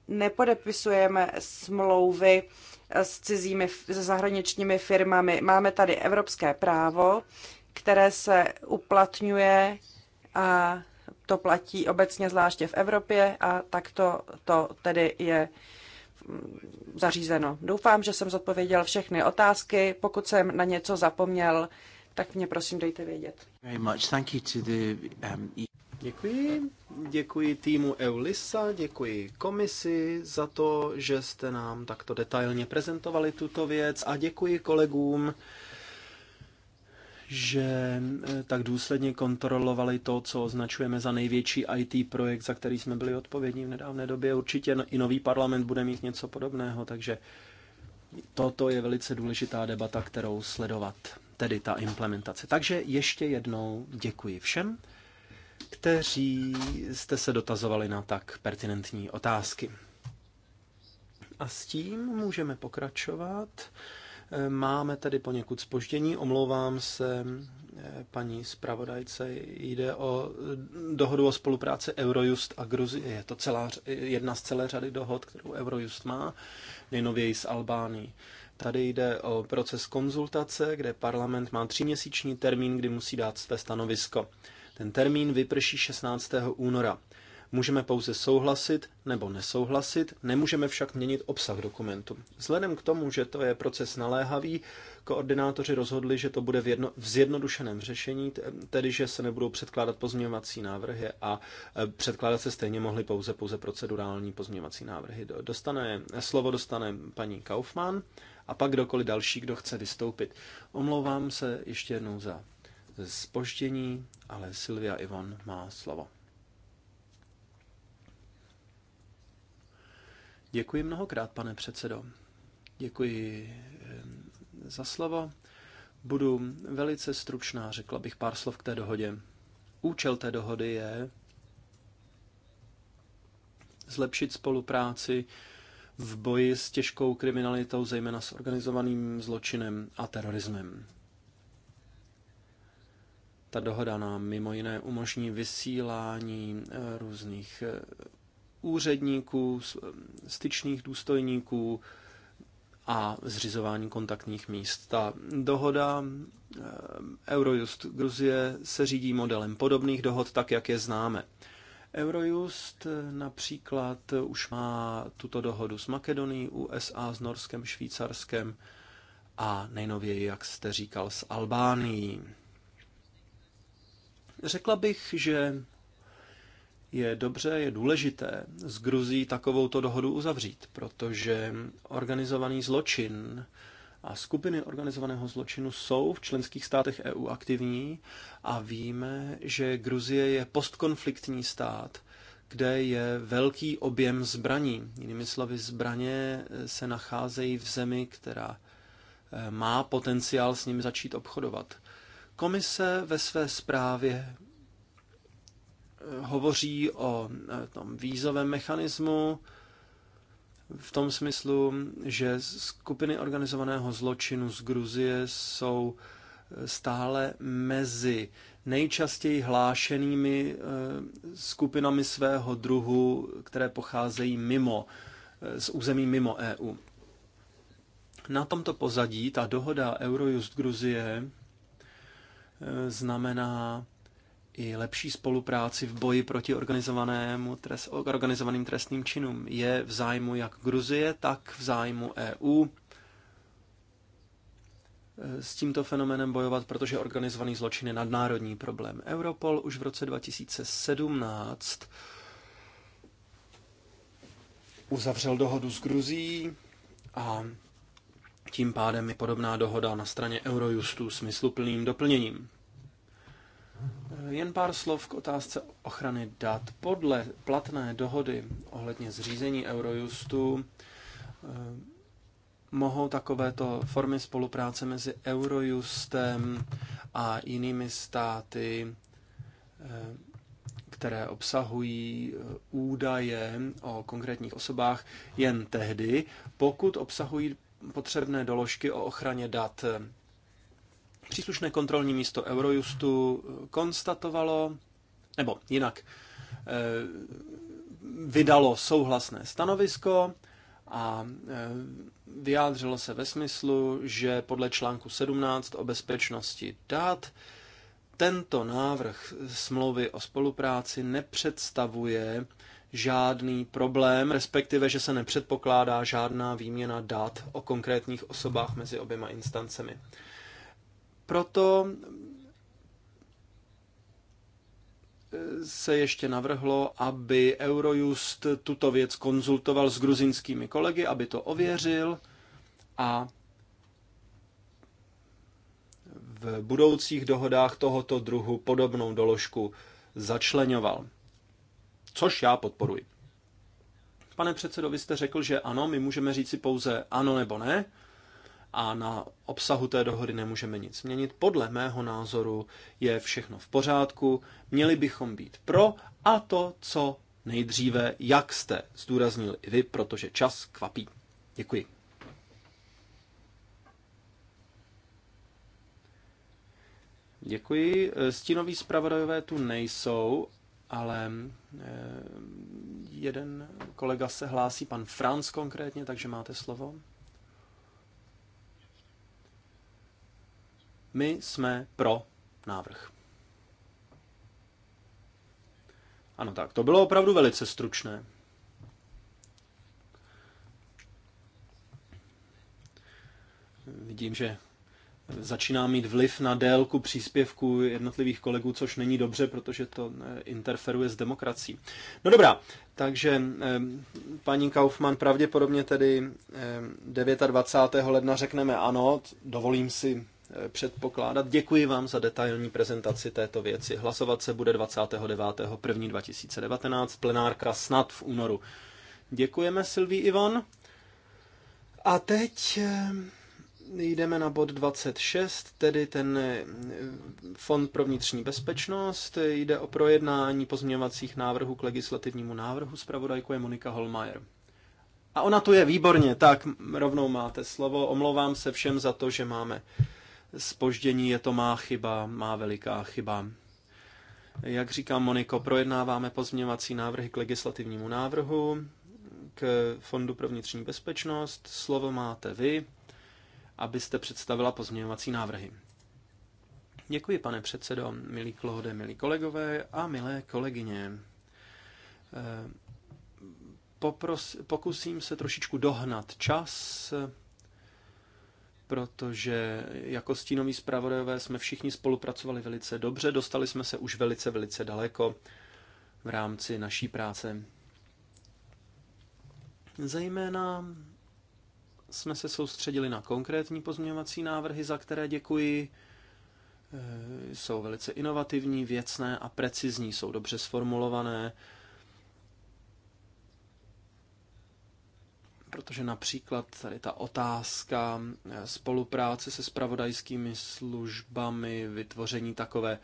nepodepisujeme smlouvy s cizími, se zahraničními firmami. Máme tady evropské právo, které se uplatňuje a to platí obecně zvláště v Evropě a to, to tedy je mm, zařízeno. Doufám, že jsem zodpověděl všechny otázky. Pokud jsem na něco zapomněl, tak mě prosím dejte vědět. Um, e- děkuji. Děkuji týmu Eulisa, děkuji komisi za to, že jste nám takto detailně prezentovali tuto věc a děkuji kolegům, že e, tak důsledně kontrolovali to, co označujeme za největší IT projekt, za který jsme byli odpovědní v nedávné době. Určitě i nový parlament bude mít něco podobného, takže toto je velice důležitá debata, kterou sledovat tedy ta implementace. Takže ještě jednou děkuji všem, kteří jste se dotazovali na tak pertinentní otázky. A s tím můžeme pokračovat. Eh, máme tady poněkud spoždění, omlouvám se eh, paní zpravodajce, jde o eh, dohodu o spolupráci Eurojust a Gruzie. Je to celá, jedna z celé řady dohod, kterou Eurojust má, nejnověji s Albánií. Tady jde o proces konzultace, kde parlament má tříměsíční termín, kdy musí dát své stanovisko. Ten termín vyprší 16. února. Můžeme pouze souhlasit nebo nesouhlasit, nemůžeme však měnit obsah dokumentu. Vzhledem k tomu, že to je proces naléhavý, koordinátoři rozhodli, že to bude v, jedno, v zjednodušeném řešení, tedy že se nebudou předkládat pozměňovací návrhy a e, předkládat se stejně mohly pouze, pouze procedurální pozměňovací návrhy. Dostane, slovo dostane paní Kaufmann a pak kdokoliv další, kdo chce vystoupit. Omlouvám se ještě jednou za spoždění, ale Silvia Ivan má slovo. Děkuji mnohokrát, pane předsedo. Děkuji eh, za slovo. Budu velice stručná, řekla bych pár slov k té dohodě. Účel té dohody je zlepšit spolupráci v boji s těžkou kriminalitou, zejména s organizovaným zločinem a terorismem. Ta dohoda nám mimo jiné umožní vysílání eh, různých eh, úředníků, eh, styčných důstojníků a zřizování kontaktních míst. Ta dohoda Eurojust Gruzie se řídí modelem podobných dohod, tak jak je známe. Eurojust eh, například eh, už má tuto dohodu s Makedonií, USA, s Norskem, Švýcarskem a nejnověji, jak jste říkal, s Albánií. Řekla bych, že je dobře, je důležité s Gruzí takovouto dohodu uzavřít, protože organizovaný zločin a skupiny organizovaného zločinu jsou v členských státech EU aktivní a víme, že Gruzie je postkonfliktní stát, kde je velký objem zbraní. Jinými slovy, zbraně eh, se nacházejí v zemi, která eh, má potenciál s nimi začít obchodovat. Komise ve své zprávě eh, hovoří o tom vízovém mechanismu, v tom smyslu, že skupiny organizovaného zločinu z Gruzie jsou eh, stále mezi nejčastěji hlášenými eh, skupinami svého druhu, které pocházejí mimo, eh, z území mimo EU. Na tomto pozadí ta dohoda Eurojust Gruzie znamená i lepší spolupráci v boji proti organizovanému tres, organizovaným trestným činům. Je v zájmu jak Gruzie, tak v zájmu EU eh, s tímto fenoménem bojovat, protože organizovaný zločin je nadnárodní problém. Europol už v roce 2017 uzavřel dohodu s Gruzí a tím pádem je podobná dohoda na straně Eurojustu smysluplným doplněním. Jen pár slov k otázce ochrany dat. Podle platné dohody ohledně zřízení Eurojustu eh, mohou takovéto formy spolupráce mezi Eurojustem a jinými státy, eh, které obsahují eh, údaje o konkrétních osobách, jen tehdy, pokud obsahují potřebné doložky o ochraně dat. Příslušné kontrolní místo Eurojustu konstatovalo, nebo jinak, eh, vydalo souhlasné stanovisko a eh, vyjádřilo se ve smyslu, že podle článku 17 o bezpečnosti dat tento návrh smlouvy o spolupráci nepředstavuje žádný problém, respektive, že se nepředpokládá žádná výměna dat o konkrétních osobách mezi oběma instancemi. Proto eh, se ještě navrhlo, aby Eurojust tuto věc konzultoval s gruzinskými kolegy, aby to ověřil a v budoucích dohodách tohoto druhu podobnou doložku začlenoval. Což já podporuji. Pane předsedo, vy jste řekl, že ano, my můžeme říci pouze ano nebo ne a na obsahu té dohody nemůžeme nic měnit. Podle mého názoru je všechno v pořádku, měli bychom být pro a to, co nejdříve, jak jste zdůraznil i vy, protože čas kvapí. Děkuji. Děkuji. Stínoví zpravodajové tu nejsou, ale eh, jeden kolega se hlásí, pan Franz konkrétně, takže máte slovo. My jsme pro návrh. Ano, tak, to bylo opravdu velice stručné. Vidím, že začíná mít vliv na délku příspěvku jednotlivých kolegů, což není dobře, protože to eh, interferuje s demokrací. No dobrá, takže eh, paní Kaufmann pravděpodobně tedy eh, 29. ledna řekneme ano, dovolím si předpokládat. Děkuji vám za detailní prezentaci této věci. Hlasovat se bude 29.1.2019, plenárka snad v únoru. Děkujeme Silví Ivan. A teď eh, jdeme na bod 26, tedy ten eh, Fond pro vnitřní bezpečnost. Jde o projednání pozměňovacích návrhů k legislativnímu návrhu. Spravodajku je Monika Holmajer. A ona tu je výborně, tak rovnou máte slovo. Omlouvám se všem za to, že máme spoždění je to má chyba, má veliká chyba. Jak říká Moniko, projednáváme pozměňovací návrhy k legislativnímu návrhu, k Fondu pro vnitřní bezpečnost. Slovo máte vy, abyste představila pozměňovací návrhy. Děkuji, pane předsedo, milí Klohode, milí kolegové a milé kolegyně. Eh, popros, pokusím se trošičku dohnat čas protože jako stínoví zpravodajové jsme všichni spolupracovali velice dobře, dostali jsme se už velice, velice daleko v rámci naší práce. Zejména jsme se soustředili na konkrétní pozměňovací návrhy, za které děkuji. E, jsou velice inovativní, věcné a precizní, jsou dobře sformulované protože například tady ta otázka eh, spolupráce se spravodajskými službami, vytvoření takové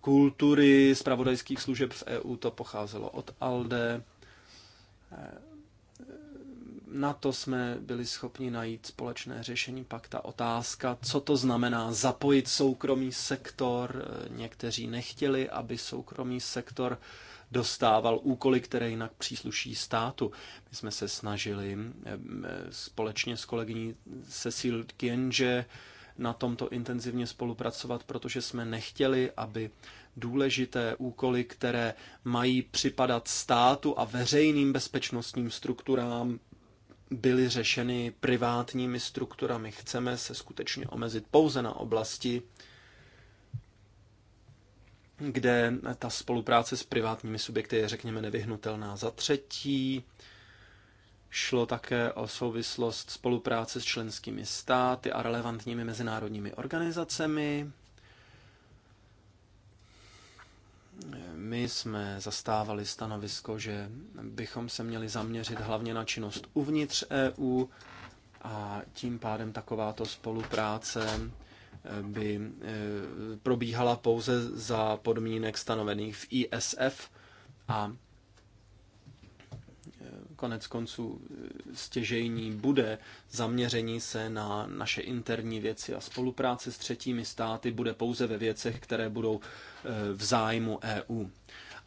kultury spravodajských služeb v EU, to pocházelo od ALDE. Eh, na to jsme byli schopni najít společné řešení. Pak ta otázka, co to znamená zapojit soukromý sektor. Eh, někteří nechtěli, aby soukromý sektor dostával úkoly, které jinak přísluší státu. My jsme se snažili společně s kolegyní Cecil Kienže na tomto intenzivně spolupracovat, protože jsme nechtěli, aby důležité úkoly, které mají připadat státu a veřejným bezpečnostním strukturám, byly řešeny privátními strukturami. Chceme se skutečně omezit pouze na oblasti, kde ta spolupráce s privátními subjekty je, řekněme, nevyhnutelná. Za třetí šlo také o souvislost spolupráce s členskými státy a relevantními mezinárodními organizacemi. My jsme zastávali stanovisko, že bychom se měli zaměřit hlavně na činnost uvnitř EU a tím pádem takováto spolupráce by eh, probíhala pouze za podmínek stanovených v ISF a eh, konec konců eh, stěžejní bude zaměření se na naše interní věci a spolupráce s třetími státy bude pouze ve věcech, které budou v zájmu EU.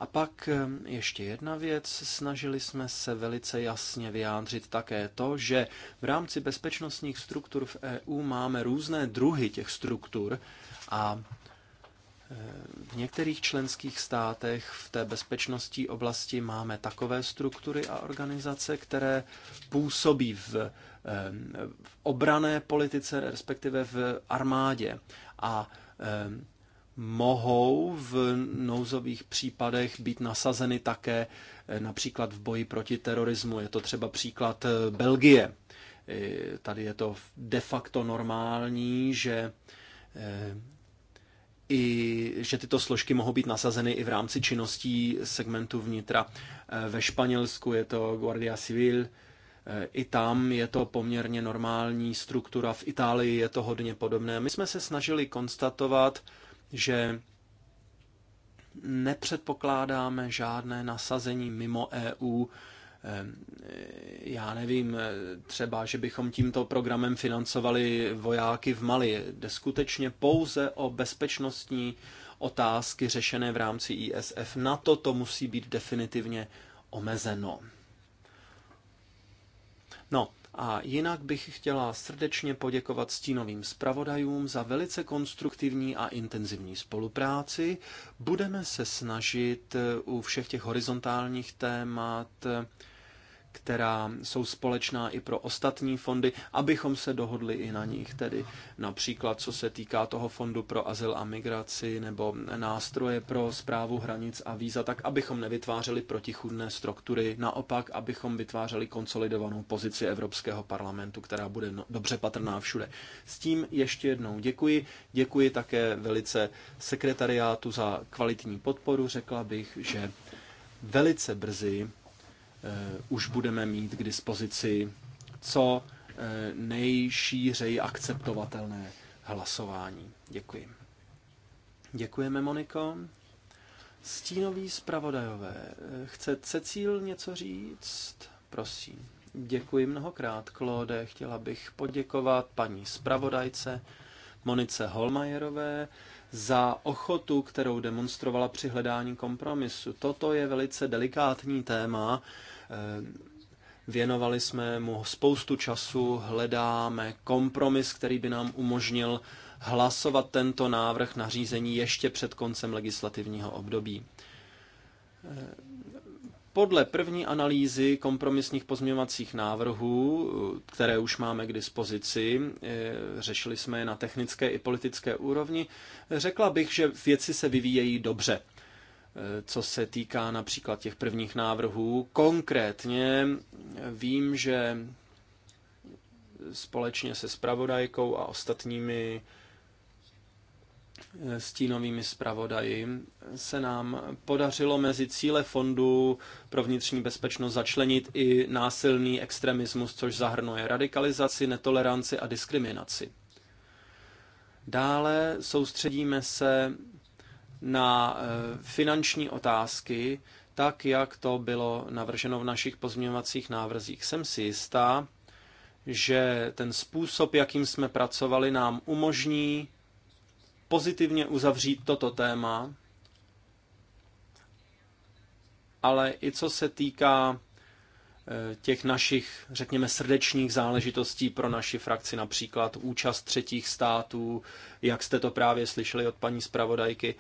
A pak ještě jedna věc, snažili jsme se velice jasně vyjádřit také to, že v rámci bezpečnostních struktur v EU máme různé druhy těch struktur a v některých členských státech v té bezpečnostní oblasti máme takové struktury a organizace, které působí v, v obrané politice, respektive v armádě. A mohou v nouzových případech být nasazeny také eh, například v boji proti terorismu. Je to třeba příklad eh, Belgie. Eh, tady je to de facto normální, že i, že tyto složky mohou být nasazeny i v rámci činností segmentu vnitra. Ve Španělsku je to Guardia Civil, i tam je to poměrně normální struktura, v Itálii je to hodně podobné. My jsme se snažili konstatovat, že nepředpokládáme žádné nasazení mimo EU. Já nevím, třeba, že bychom tímto programem financovali vojáky v Mali. Jde skutečně pouze o bezpečnostní otázky řešené v rámci ISF. Na to to musí být definitivně omezeno. No, a jinak bych chtěla srdečně poděkovat stínovým zpravodajům za velice konstruktivní a intenzivní spolupráci. Budeme se snažit u všech těch horizontálních témat která jsou společná i pro ostatní fondy, abychom se dohodli i na nich, tedy například co se týká toho fondu pro azyl a migraci nebo nástroje pro zprávu hranic a víza, tak abychom nevytvářeli protichůdné struktury, naopak, abychom vytvářeli konsolidovanou pozici Evropského parlamentu, která bude no, dobře patrná všude. S tím ještě jednou děkuji. Děkuji také velice sekretariátu za kvalitní podporu. Řekla bych, že velice brzy Eh, už budeme mít k dispozici co eh, nejšířej akceptovatelné hlasování. Děkuji. Děkujeme, Moniko. Stínový zpravodajové. Eh, Chce Cecíl něco říct? Prosím. Děkuji mnohokrát, Klóde. Chtěla bych poděkovat paní zpravodajce Monice Holmajerové za ochotu, kterou demonstrovala při hledání kompromisu. Toto je velice delikátní téma, Eh, věnovali jsme mu spoustu času, hledáme kompromis, který by nám umožnil hlasovat tento návrh na řízení ještě před koncem legislativního období. Eh, podle první analýzy kompromisních pozměňovacích návrhů, eh, které už máme k dispozici, řešili jsme je na technické i politické úrovni, řekla bych, že věci se vyvíjejí dobře. Eh, co se týká například těch prvních návrhů. Konkrétně eh, vím, že společně se spravodajkou a ostatními eh, stínovými zpravodaji se nám podařilo mezi cíle fondu pro vnitřní bezpečnost začlenit i násilný extremismus, což zahrnuje radikalizaci, netoleranci a diskriminaci. Dále soustředíme se na eh, finanční otázky, tak jak to bylo navrženo v našich pozměňovacích návrzích. Jsem si jistá, že ten způsob, jakým jsme pracovali, nám umožní pozitivně uzavřít toto téma, ale i co se týká eh, těch našich, řekněme, srdečních záležitostí pro naši frakci, například účast třetích států, jak jste to právě slyšeli od paní zpravodajky,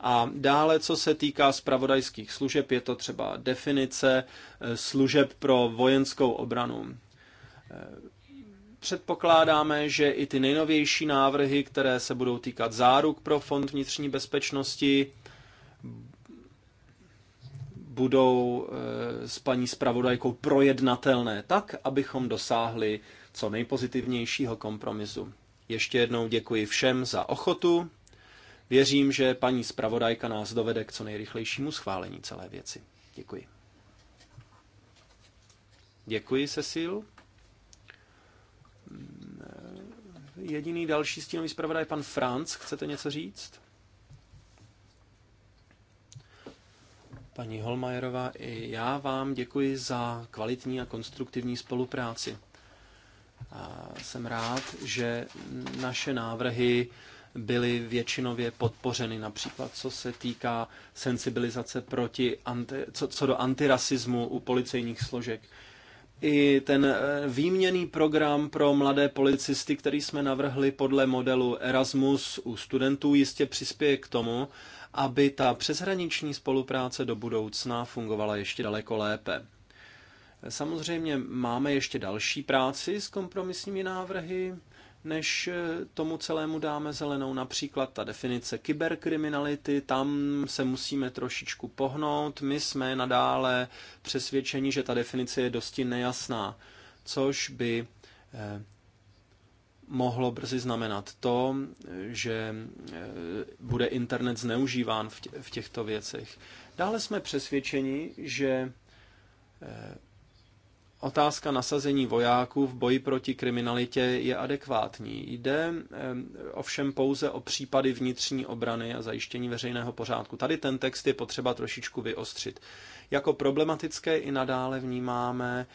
a dále, co se týká spravodajských služeb, je to třeba definice eh, služeb pro vojenskou obranu. Eh, předpokládáme, že i ty nejnovější návrhy, které se budou týkat záruk pro Fond vnitřní bezpečnosti, budou eh, s paní zpravodajkou projednatelné tak, abychom dosáhli co nejpozitivnějšího kompromisu. Ještě jednou děkuji všem za ochotu Věřím, že paní zpravodajka nás dovede k co nejrychlejšímu schválení celé věci. Děkuji. Děkuji, Cecil. Jediný další stínový zpravodaj pan Franc. Chcete něco říct? Paní Holmajerová, i já vám děkuji za kvalitní a konstruktivní spolupráci. A jsem rád, že naše návrhy byly většinově podpořeny, například co se týká sensibilizace proti anti, co, co do antirasismu u policejních složek. I ten eh, výměný program pro mladé policisty, který jsme navrhli podle modelu Erasmus u studentů, jistě přispěje k tomu, aby ta přeshraniční spolupráce do budoucna fungovala ještě daleko lépe. Samozřejmě máme ještě další práci s kompromisními návrhy než eh, tomu celému dáme zelenou. Například ta definice kyberkriminality, tam se musíme trošičku pohnout. My jsme nadále přesvědčeni, že ta definice je dosti nejasná, což by eh, mohlo brzy znamenat to, že eh, bude internet zneužíván v těchto věcech. Dále jsme přesvědčeni, že otázka nasazení vojáků v boji proti kriminalitě je adekvátní. Jde ovšem pouze o případy vnitřní obrany a zajištění veřejného pořádku. Tady ten text je potřeba trošičku vyostřit. Jako problematické i nadále vnímáme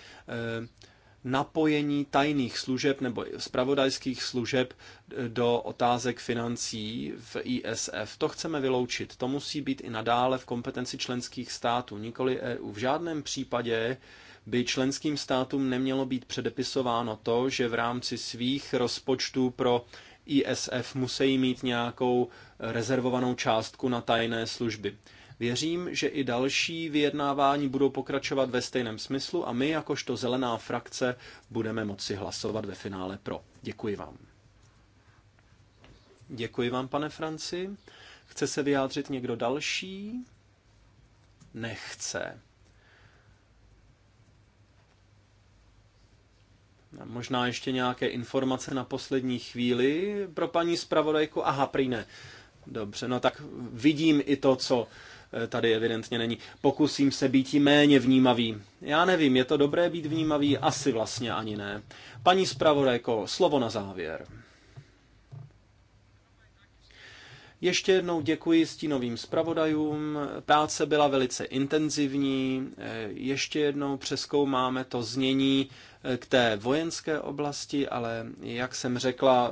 napojení tajných služeb nebo spravodajských služeb e, do otázek financí v ISF. To chceme vyloučit. To musí být i nadále v kompetenci členských států, nikoli EU. V žádném případě by členským státům nemělo být předepisováno to, že v rámci svých rozpočtů pro ISF musí mít nějakou rezervovanou částku na tajné služby. Věřím, že i další vyjednávání budou pokračovat ve stejném smyslu a my, jakožto zelená frakce, budeme moci hlasovat ve finále pro. Děkuji vám. Děkuji vám, pane Franci. Chce se vyjádřit někdo další? Nechce. Možná ještě nějaké informace na poslední chvíli pro paní zpravodajku. Aha, prý ne. Dobře, no tak vidím i to, co eh, tady evidentně není. Pokusím se být i méně vnímavý. Já nevím, je to dobré být vnímavý? Asi vlastně ani ne. Paní zpravodajko, slovo na závěr. Ještě jednou děkuji stínovým zpravodajům. Práce byla velice intenzivní. Eh, ještě jednou přeskoumáme to znění k té vojenské oblasti, ale jak jsem řekla, e,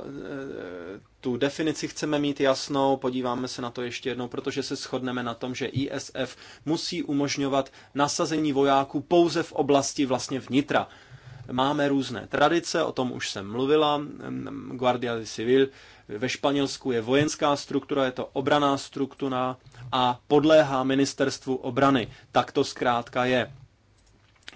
tu definici chceme mít jasnou, podíváme se na to ještě jednou, protože se shodneme na tom, že ISF musí umožňovat nasazení vojáků pouze v oblasti vlastně vnitra. Máme různé tradice, o tom už jsem mluvila, Guardia de Civil ve Španělsku je vojenská struktura, je to obraná struktura a podléhá ministerstvu obrany. Tak to zkrátka je.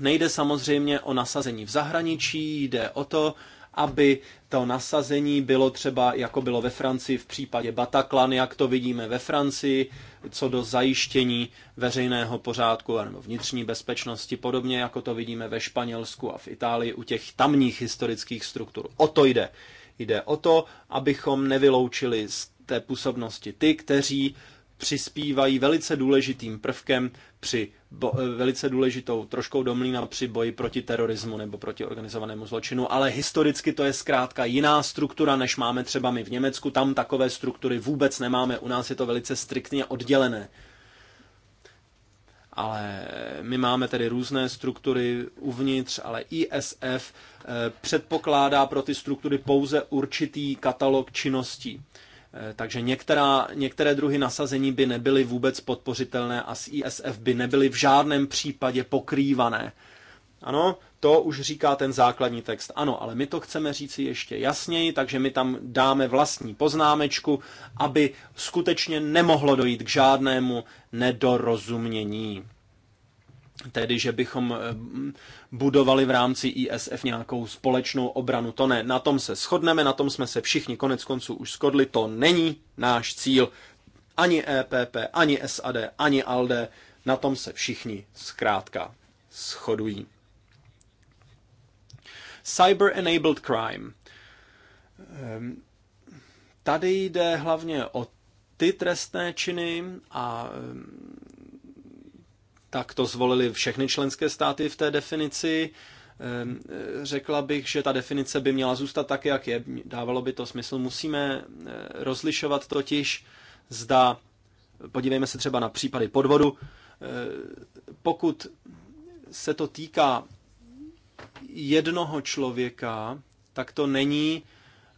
Nejde samozřejmě o nasazení v zahraničí, jde o to, aby to nasazení bylo třeba, jako bylo ve Francii v případě Bataclan, jak to vidíme ve Francii, co do zajištění veřejného pořádku nebo vnitřní bezpečnosti, podobně jako to vidíme ve Španělsku a v Itálii u těch tamních historických struktur. O to jde. Jde o to, abychom nevyloučili z té působnosti ty, kteří přispívají velice důležitým prvkem při bo, eh, velice důležitou troškou domlína při boji proti terorismu nebo proti organizovanému zločinu, ale historicky to je zkrátka jiná struktura, než máme třeba my v Německu, tam takové struktury vůbec nemáme, u nás je to velice striktně oddělené. Ale my máme tedy různé struktury uvnitř, ale ISF eh, předpokládá pro ty struktury pouze určitý katalog činností. Eh, takže některá, některé druhy nasazení by nebyly vůbec podpořitelné a z ISF by nebyly v žádném případě pokrývané. Ano, to už říká ten základní text. Ano, ale my to chceme říci ještě jasněji, takže my tam dáme vlastní poznámečku, aby skutečně nemohlo dojít k žádnému nedorozumění tedy že bychom eh, budovali v rámci ISF nějakou společnou obranu. To ne, na tom se shodneme, na tom jsme se všichni konec konců už shodli, to není náš cíl. Ani EPP, ani SAD, ani ALDE, na tom se všichni zkrátka shodují. Cyber-enabled crime. Ehm, tady jde hlavně o ty trestné činy a ehm, tak to zvolili všechny členské státy v té definici. Ehm, eh, řekla bych, že ta definice by měla zůstat tak, jak je. Dávalo by to smysl. Musíme eh, rozlišovat totiž, zda, podívejme se třeba na případy podvodu, eh, pokud se to týká jednoho člověka, tak to není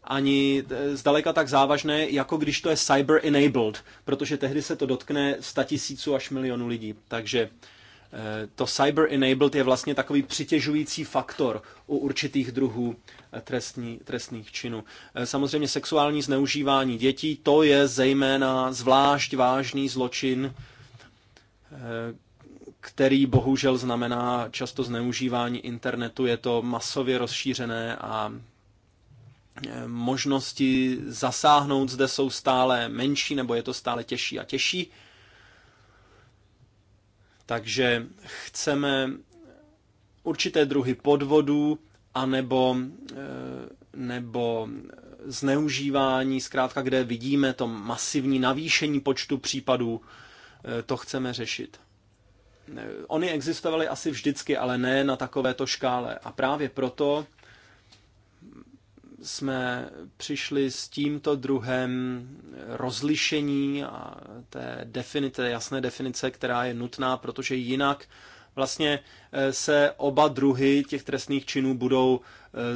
ani eh, zdaleka tak závažné, jako když to je cyber enabled, protože tehdy se to dotkne tisíců až milionů lidí. Takže eh, to cyber enabled je vlastně takový přitěžující faktor u určitých druhů eh, trestní, trestných činů. Samozřejmě sexuální zneužívání dětí, to je zejména zvlášť vážný zločin, který bohužel znamená často zneužívání internetu. Je to masově rozšířené a Eh, možnosti zasáhnout zde jsou stále menší, nebo je to stále těžší a těžší. Takže chceme určité druhy podvodů, anebo eh, nebo zneužívání, zkrátka, kde vidíme to masivní navýšení počtu případů, eh, to chceme řešit. Ony existovaly asi vždycky, ale ne na takovéto škále. A právě proto jsme přišli s tímto druhem rozlišení a té, definice, té jasné definice, která je nutná, protože jinak vlastně eh, se oba druhy těch trestných činů budou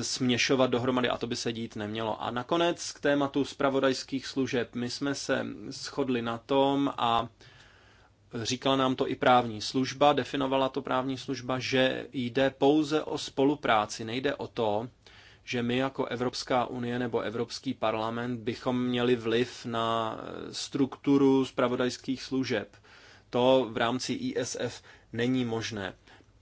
eh, směšovat dohromady a to by se dít nemělo. A nakonec k tématu spravodajských služeb. My jsme se shodli na tom a říkala nám to i právní služba, definovala to právní služba, že jde pouze o spolupráci, nejde o to, že my jako Evropská unie nebo Evropský parlament bychom měli vliv na eh, strukturu spravodajských služeb. To v rámci ISF není možné.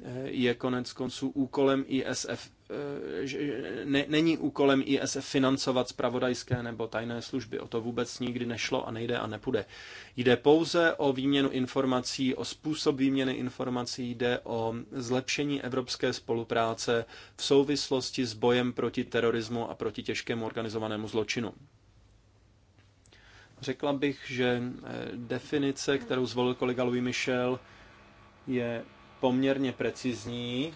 Eh, je konec konců úkolem ISF Eh, ne, není úkolem ISF financovat spravodajské nebo tajné služby. O to vůbec nikdy nešlo a nejde a nepůjde. Jde pouze o výměnu informací, o způsob výměny informací, jde o zlepšení evropské spolupráce v souvislosti s bojem proti terorismu a proti těžkému organizovanému zločinu. Řekla bych, že eh, definice, kterou zvolil kolega Louis Michel, je poměrně precizní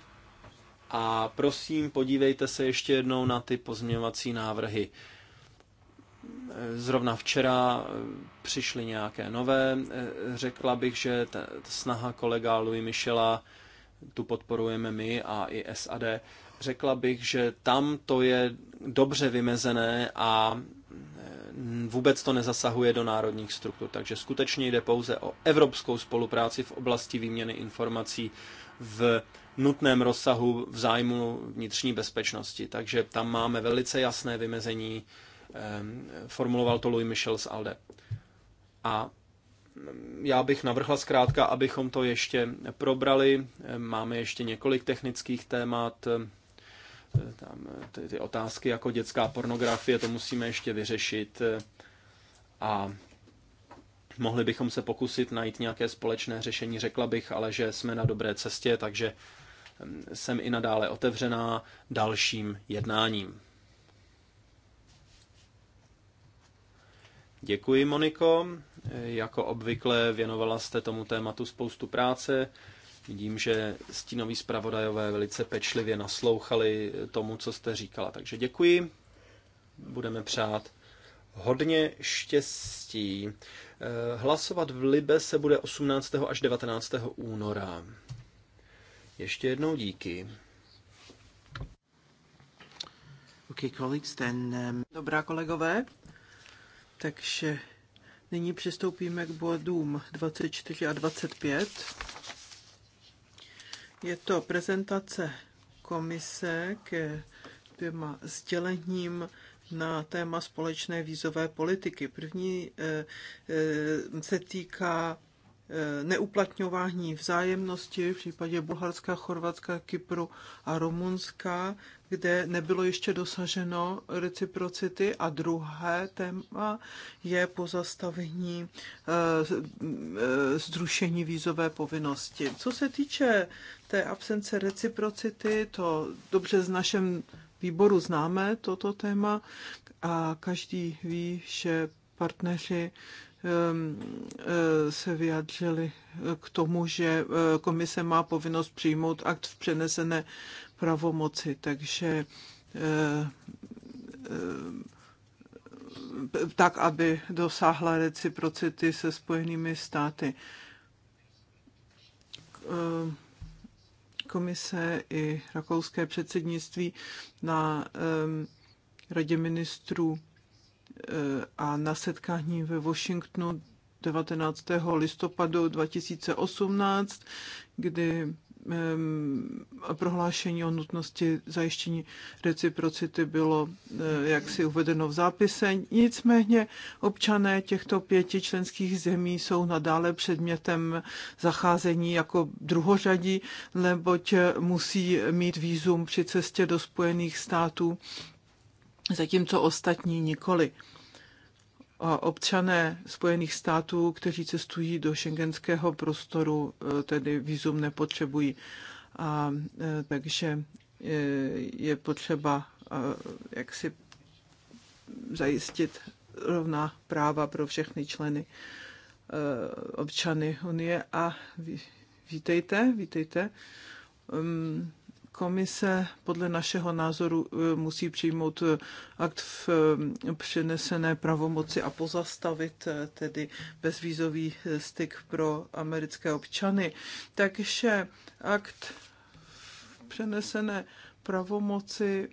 a prosím, podívejte se ještě jednou na ty pozměňovací návrhy. Zrovna včera eh, přišly nějaké nové. Eh, řekla bych, že ta, snaha kolega Louis Michela, tu podporujeme my a i SAD, řekla bych, že tam to je dobře vymezené a eh, vůbec to nezasahuje do národních struktur. Takže skutečně jde pouze o evropskou spolupráci v oblasti výměny informací v nutném rozsahu v zájmu vnitřní bezpečnosti. Takže tam máme velice jasné vymezení, ehm, formuloval to Louis Michel z ALDE. A ehm, já bych navrhla zkrátka, abychom to ještě probrali. Ehm, máme ještě několik technických témat, tam eh, ty, ty otázky jako dětská pornografie, to musíme ještě vyřešit. Eh, a mohli bychom se pokusit najít nějaké společné řešení, řekla bych, ale že jsme na dobré cestě, takže jsem i nadále otevřená dalším jednáním. Děkuji, Moniko. Jako obvykle věnovala jste tomu tématu spoustu práce. Vidím, že stínoví zpravodajové velice pečlivě naslouchali tomu, co jste říkala. Takže děkuji. Budeme přát hodně štěstí. Eh, hlasovat v Libe se bude 18. až 19. února. Ještě jednou díky. Okay, colleagues, then, um... Dobrá kolegové, takže nyní přistoupíme k bodům 24 a 25. Je to prezentace komise k dvěma sdělením na téma společné vízové politiky. První eh, eh, se týká Eh, neuplatňování vzájemnosti v případě Bulharska, Chorvatska, Kypru a Rumunska, kde nebylo ještě dosaženo reciprocity. A druhé téma je pozastavení eh, eh, zrušení vízové povinnosti. Co se týče té absence reciprocity, to dobře z našem výboru známe toto téma a každý ví, že partneři Ehm, eh, se vyjádřili eh, k tomu, že eh, komise má povinnost přijmout akt v přenesené pravomoci, takže tak, aby dosáhla reciprocity se spojenými státy. Komise i rakouské předsednictví na ehm, radě ministrů a na setkání ve Washingtonu 19. listopadu 2018, kdy prohlášení o nutnosti zajištění reciprocity bylo eh, jaksi uvedeno v zápise. Nicméně občané těchto pěti členských zemí jsou nadále předmětem zacházení jako druhořadí, neboť musí mít výzum při cestě do Spojených států zatímco ostatní nikoli. A občané Spojených států, kteří cestují do šengenského prostoru, e, tedy výzum nepotřebují. A, e, takže e, je potřeba jak si zajistit rovná práva pro všechny členy občany Unie. A vítejte, vítejte. Komise podle našeho názoru eh, musí přijmout eh, akt v eh, přenesené pravomoci a pozastavit tedy bezvízový styk pro americké občany. Takže akt v přenesené pravomoci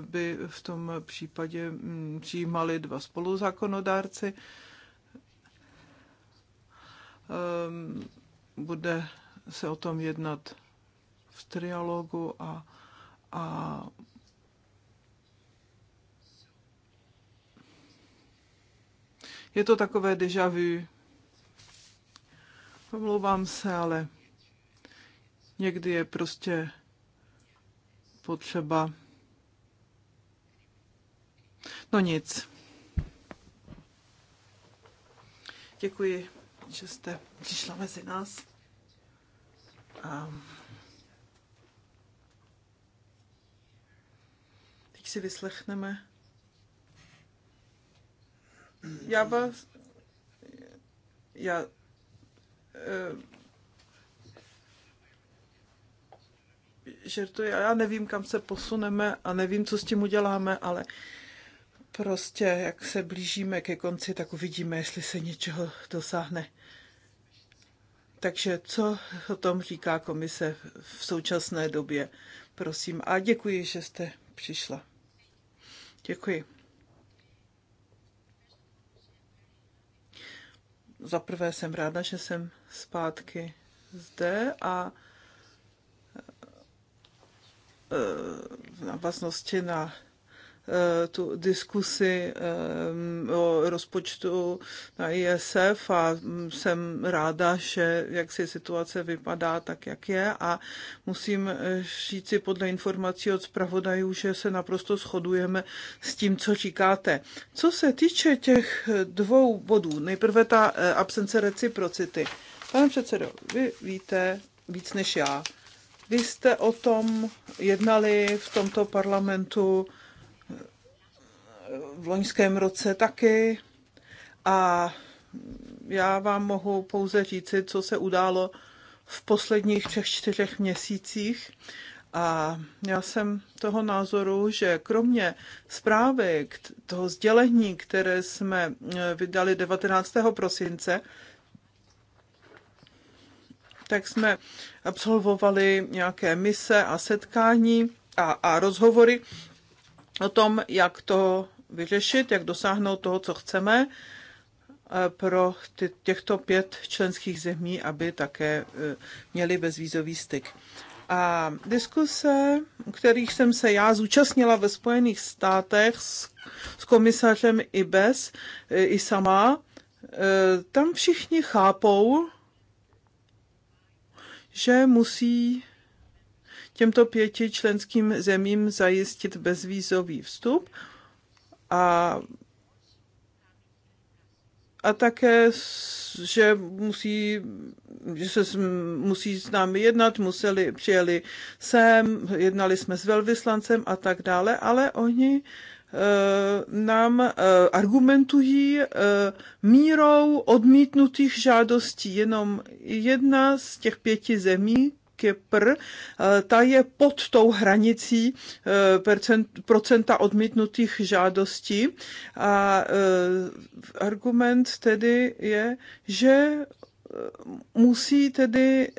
by v tom případě mm, přijímali dva spoluzákonodárci. Ehm, bude se o tom jednat v trialogu a, a je to takové déjà vu. Pomlouvám se, ale někdy je prostě potřeba. No nic. Děkuji, že jste přišla mezi nás. Um. Teď si vyslechneme. Já vás... Já... Uh, eh, žertuji, já nevím, kam se posuneme a nevím, co s tím uděláme, ale prostě, jak se blížíme ke konci, tak uvidíme, jestli se něčeho dosáhne. Takže co o tom říká komise v současné době? Prosím a děkuji, že jste přišla. Děkuji. Za prvé jsem ráda, že jsem zpátky zde a e, v návaznosti na Eh, tu diskusi eh, o rozpočtu na ISF a mm, jsem ráda, že jak si situace vypadá tak, jak je a musím eh, říct si podle informací od zpravodajů, že se naprosto shodujeme s tím, co říkáte. Co se týče těch dvou bodů, nejprve ta absence reciprocity. Pane předsedo, vy víte víc než já. Vy jste o tom jednali v tomto parlamentu v loňském roce taky. A já vám mohu pouze říci, co se událo v posledních třech, čtyřech měsících. A já jsem toho názoru, že kromě zprávy toho sdělení, které jsme eh, vydali 19. prosince, tak jsme absolvovali nějaké mise a setkání a, a rozhovory o tom, jak to vyřešit, jak dosáhnout toho, co chceme eh, pro ty, těchto pět členských zemí, aby také eh, měli bezvízový styk. A diskuse, kterých jsem se já zúčastnila ve Spojených státech s, s komisařem i bez, eh, i sama, tam všichni chápou, že musí těmto pěti členským zemím zajistit bezvízový vstup a, a také, že musí, že se musí s námi jednat, museli, přijeli sem, jednali jsme s velvyslancem a tak dále, ale oni e, nám e, argumentují e, mírou odmítnutých žádostí. Jenom jedna z těch pěti zemí, Kypr, eh, ta je pod tou hranicí eh, procenta odmítnutých žádostí. A eh, argument tedy je, že musí tedy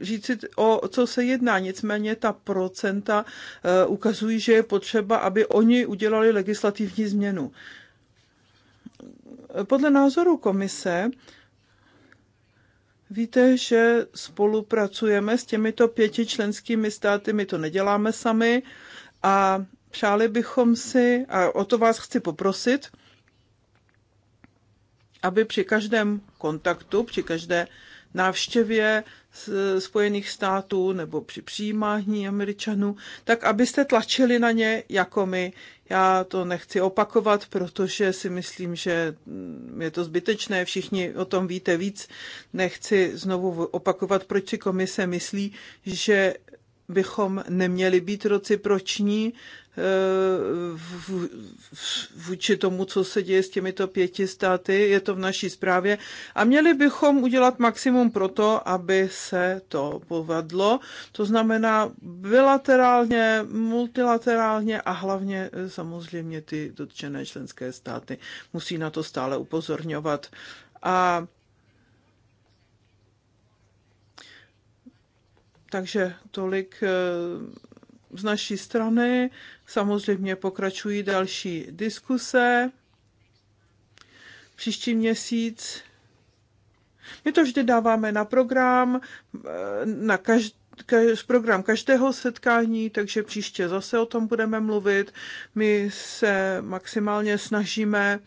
říct, o co se jedná. Nicméně ta procenta ukazují, že je potřeba, aby oni udělali legislativní změnu. Podle názoru komise Víte, že spolupracujeme s těmito pěti členskými státy, my to neděláme sami a přáli bychom si, a o to vás chci poprosit, aby při každém kontaktu, při každé návštěvě Spojených států nebo při přijímání Američanů, tak abyste tlačili na ně jako my. Já to nechci opakovat, protože si myslím, že mm, je to zbytečné, všichni o tom víte víc. Nechci znovu opakovat, proč si komise myslí, že bychom neměli být reciproční eh, vůči tomu, co se děje s těmito pěti státy, je to v naší zprávě. A měli bychom udělat maximum pro to, aby se to povedlo. To znamená bilaterálně, multilaterálně a hlavně eh, samozřejmě ty dotčené členské státy musí na to stále upozorňovat. A Takže tolik eh, z naší strany. Samozřejmě pokračují další diskuse. Příští měsíc. My to vždy dáváme na program, eh, na každý program každého setkání, takže příště zase o tom budeme mluvit. My se maximálně snažíme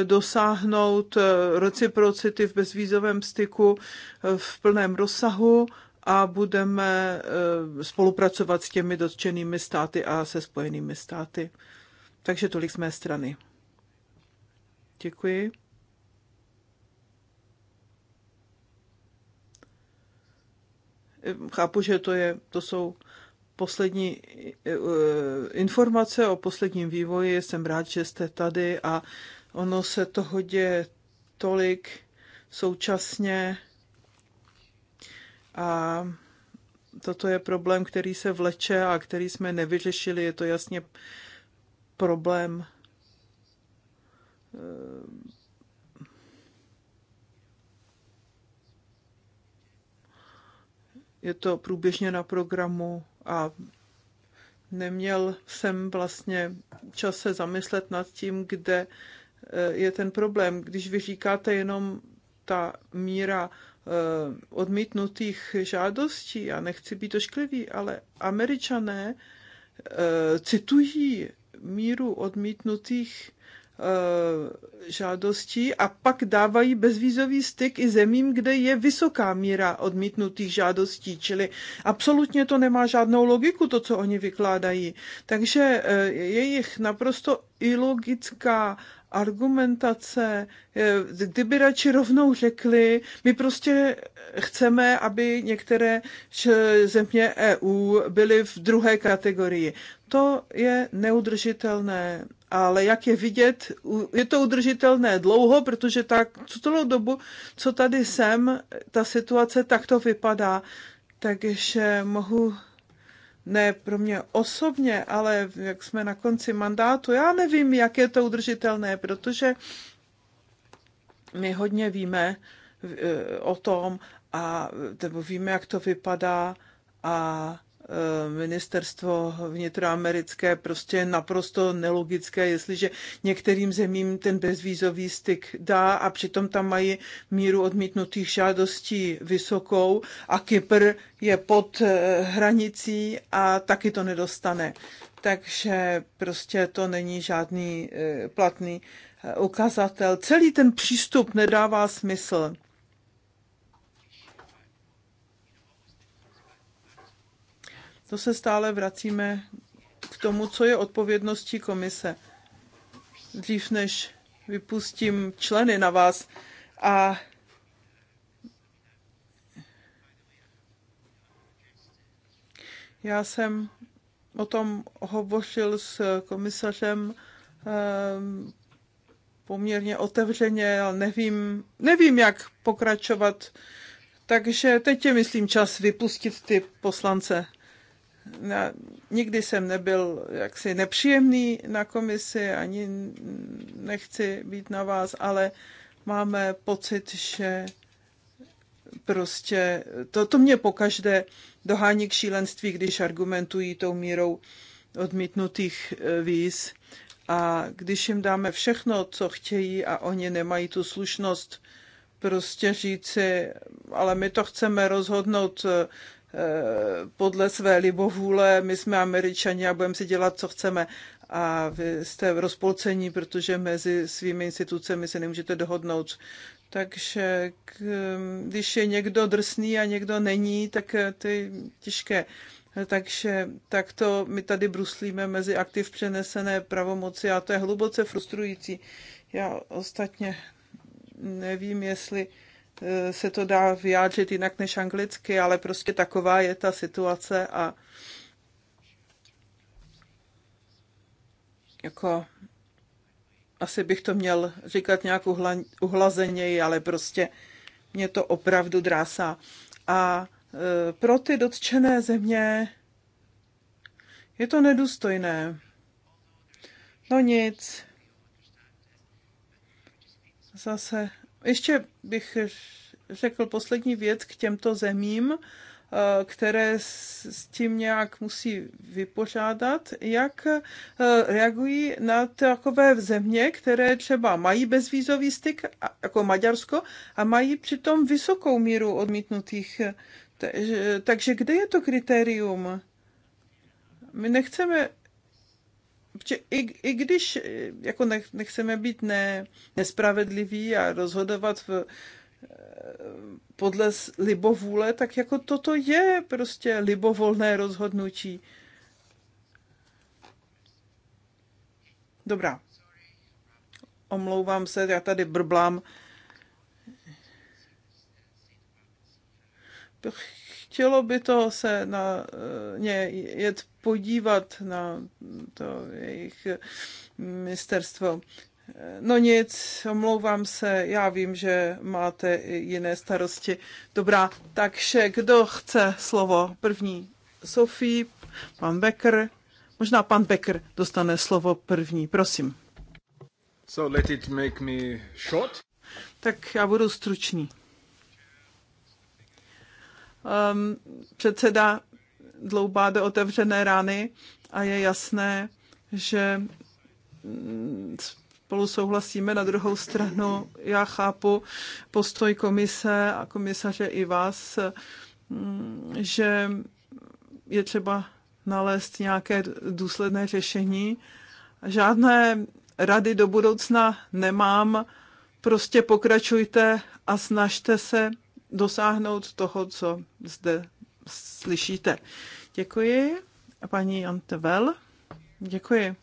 eh, dosáhnout reciprocity v bezvízovém styku v plném rozsahu a budeme eh, spolupracovat s těmi dotčenými státy a se spojenými státy. Takže tolik z mé strany. Děkuji. Chápu, že to, je, to jsou poslední eh, eh, informace o posledním vývoji. Jsem rád, že jste tady a ono se toho děje tolik současně a toto je problém, který se vleče a který jsme nevyřešili. Je to jasně problém eh, je to průběžně na programu a neměl jsem vlastně čas se zamyslet nad tím, kde eh, je ten problém. Když vy říkáte jenom ta míra Eh, odmítnutých žádostí, já nechci být ošklivý, ale američané eh, citují míru odmítnutých Eh, žádostí a pak dávají bezvízový styk i zemím, kde je vysoká míra odmítnutých žádostí, čili absolutně to nemá žádnou logiku, to, co oni vykládají. Takže eh, jejich naprosto ilogická argumentace, eh, kdyby radši rovnou řekli, my prostě chceme, aby některé země EU byly v druhé kategorii. To je neudržitelné ale jak je vidět, je to udržitelné dlouho, protože tak celou dobu, co tady jsem, ta situace takto vypadá. Takže mohu, ne pro mě osobně, ale jak jsme na konci mandátu, já nevím, jak je to udržitelné, protože my hodně víme eh, o tom a nebo víme, jak to vypadá a Eh, ministerstvo vnitroamerické prostě naprosto nelogické, jestliže některým zemím ten bezvízový styk dá a přitom tam mají míru odmítnutých žádostí vysokou a Kypr je pod eh, hranicí a taky to nedostane. Takže prostě to není žádný eh, platný ukazatel. Celý ten přístup nedává smysl. To se stále vracíme k tomu, co je odpovědností komise. Dřív než vypustím členy na vás a já jsem o tom hovořil s komisařem ehm, poměrně otevřeně, ale nevím, nevím, jak pokračovat. Takže teď je, myslím, čas vypustit ty poslance na, nikdy jsem nebyl jaksi nepříjemný na komisi, ani nechci být na vás, ale máme pocit, že prostě to, to mě pokaždé dohání k šílenství, když argumentují tou mírou odmítnutých eh, víz. A když jim dáme všechno, co chtějí a oni nemají tu slušnost prostě říci, ale my to chceme rozhodnout eh, Eh, podle své libovůle, my jsme američani a budeme si dělat, co chceme. A vy jste v rozpolcení, protože mezi svými institucemi se nemůžete dohodnout. Takže eh, když je někdo drsný a někdo není, tak eh, to je těžké. Takže takto my tady bruslíme mezi aktiv přenesené pravomoci a to je hluboce frustrující. Já ostatně nevím, jestli Eh, se to dá vyjádřit jinak než anglicky, ale prostě taková je ta situace a jako asi bych to měl říkat nějak uhla, uhlazeněji, ale prostě mě to opravdu drásá. A e, pro ty dotčené země je to nedůstojné. No nic. Zase ještě bych řekl poslední věc k těmto zemím, eh, které s tím nějak musí vypořádat, jak eh, reagují na takové země, které třeba mají bezvízový styk, jako Maďarsko, a mají přitom vysokou míru odmítnutých. Eh, takže kde je to kritérium? My nechceme Protože i, i když e, jako nech, nechceme být ne, nespravedliví a rozhodovat v, e, podle libovůle, tak jako toto je prostě libovolné rozhodnutí. Dobrá. Omlouvám se, já tady brblám chtělo by to se na eh, ně jet podívat na to jejich eh, ministerstvo. Eh, no nic, omlouvám se, já vím, že máte i jiné starosti. Dobrá, takže kdo chce slovo? První Sofí, pan Becker, možná pan Becker dostane slovo první, prosím. So let it make me short. Tak já budu stručný um, předseda dloubá do otevřené rány a je jasné, že mm, spolu souhlasíme. Na druhou stranu já chápu postoj komise a komisaře i vás, mm, že je třeba nalézt nějaké důsledné řešení. Žádné rady do budoucna nemám, prostě pokračujte a snažte se dosáhnout toho, co zde slyšíte. Děkuji. Paní Antevel. Děkuji.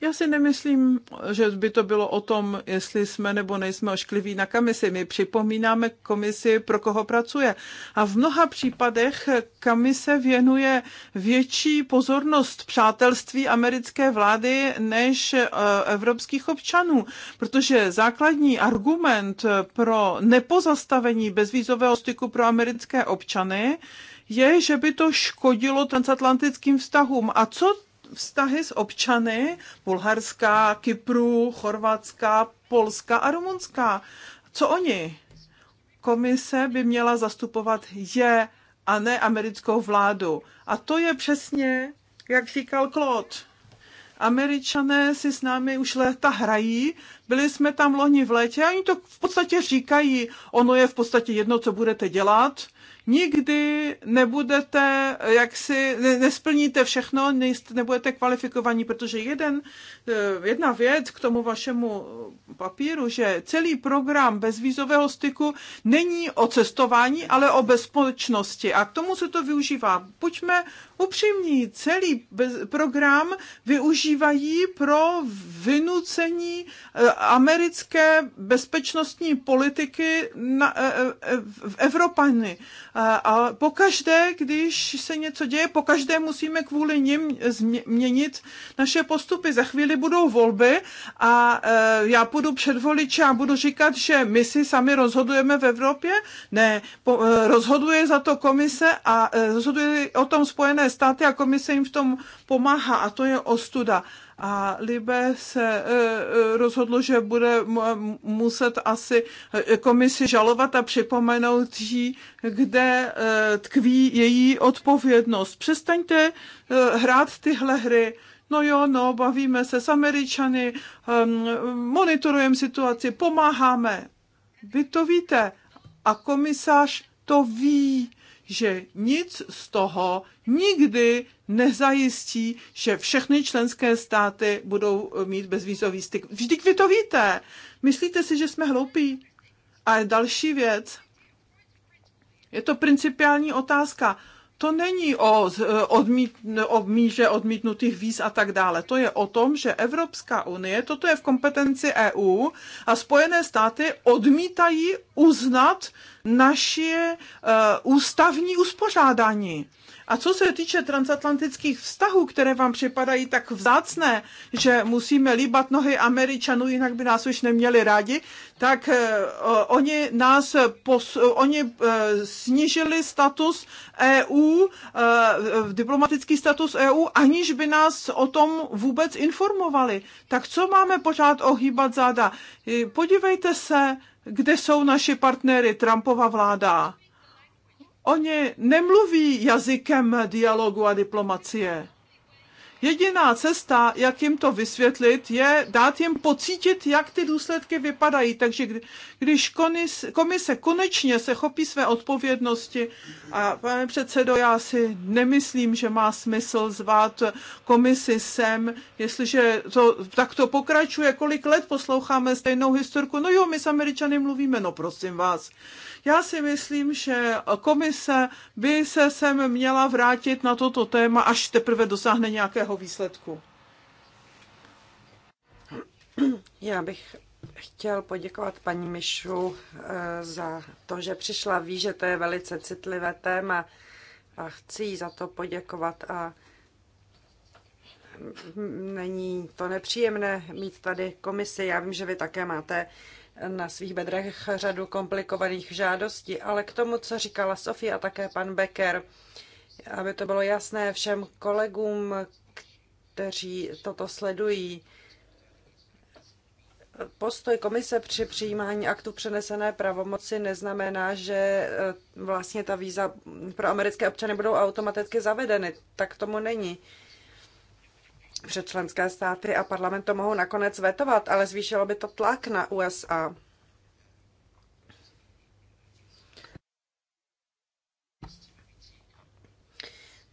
Já si nemyslím, že by to bylo o tom, jestli jsme nebo nejsme oškliví na komisi. My připomínáme komisi, pro koho pracuje. A v mnoha případech komise věnuje větší pozornost přátelství americké vlády než e, evropských občanů, protože základní argument pro nepozastavení bezvízového styku pro americké občany je, že by to škodilo transatlantickým vztahům. A co vztahy s občany Bulharska, Kypru, Chorvatska, Polska a Rumunska. Co oni? Komise by měla zastupovat je a ne americkou vládu. A to je přesně, jak říkal Claude. Američané si s námi už léta hrají, byli jsme tam loni v létě a oni to v podstatě říkají, ono je v podstatě jedno, co budete dělat, nikdy nebudete, jak si ne, nesplníte všechno, nejste, nebudete kvalifikovaní, protože jeden, eh, jedna věc k tomu vašemu papíru, že celý program bezvízového styku není o cestování, ale o bezpečnosti. A k tomu se to využívá. Buďme upřímní, celý program využívají pro vynucení eh, americké bezpečnostní politiky na, eh, eh, v Evropany. A pokaždé, když se něco děje, pokaždé musíme kvůli nim změnit naše postupy. Za chvíli budou volby a já půjdu před voliče a budu říkat, že my si sami rozhodujeme v Evropě. Ne, rozhoduje za to komise a rozhoduje o tom spojené Spojené státy a komise jim v tom pomáhá a to je ostuda. A Libe se e, e, rozhodlo, že bude e, muset asi komisi žalovat a připomenout jí, kde tkví její odpovědnost. Přestaňte hrát tyhle hry. No jo, no, bavíme se s Američany, monitorujeme situaci, pomáháme. Vy to víte a komisář to ví že nic z toho nikdy nezajistí, že všechny členské státy budou eh, mít bezvízový styk. Vždyť vy to víte. Myslíte si, že jsme hloupí? A další věc. Je to principiální otázka to není o, odmít, o míře odmítnutých víz a tak dále. To je o tom, že Evropská unie, toto je v kompetenci EU a Spojené státy odmítají uznat naše uh, ústavní uspořádání. A co se týče transatlantických vztahů, které vám připadají tak vzácné, že musíme líbat nohy Američanů, jinak by nás už neměli rádi, tak eh, oni nás pos, oni eh, snížili status EU, eh, diplomatický status EU, aniž by nás o tom vůbec informovali. Tak co máme pořád ohýbat záda? Podívejte se, kde jsou naši partnery, Trumpova vláda Oni nemluví jazykem dialogu a diplomacie. Jediná cesta, jak jim to vysvětlit, je dát jim pocítit, jak ty důsledky vypadají. Takže když komise konečně se chopí své odpovědnosti, a pane předsedo, já si nemyslím, že má smysl zvát komisi sem, jestliže to tak to pokračuje, kolik let posloucháme stejnou historku. No jo, my s Američany mluvíme, no prosím vás. Já si myslím, že komise by se sem měla vrátit na toto téma, až teprve dosáhne nějakého výsledku. Já bych chtěl poděkovat paní Mišu eh, za to, že přišla. Ví, že to je velice citlivé téma a chci jí za to poděkovat a není to nepříjemné mít tady komisi. Já vím, že vy také máte na svých bedrech řadu komplikovaných žádostí. Ale k tomu, co říkala Sofie a také pan Becker, aby to bylo jasné všem kolegům, kteří toto sledují, Postoj komise při přijímání aktu přenesené pravomoci neznamená, že eh, vlastně ta víza pro americké občany budou automaticky zavedeny. Tak tomu není že členské státy a parlament to mohou nakonec vetovat, ale zvýšilo by to tlak na USA.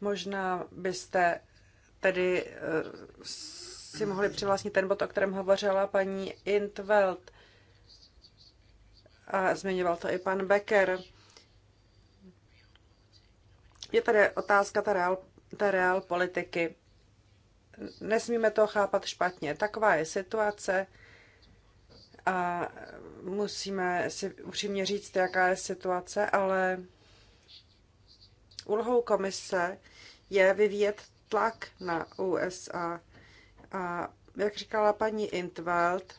Možná byste tedy eh, si mohli přivlastnit ten bod, o kterém hovořila paní Intveld. A zmiňoval to i pan Becker. Je tady otázka té real, té politiky nesmíme to chápat špatně. Taková je situace a musíme si upřímně říct, jaká je situace, ale úlohou komise je vyvíjet tlak na USA. A jak říkala paní Intveld,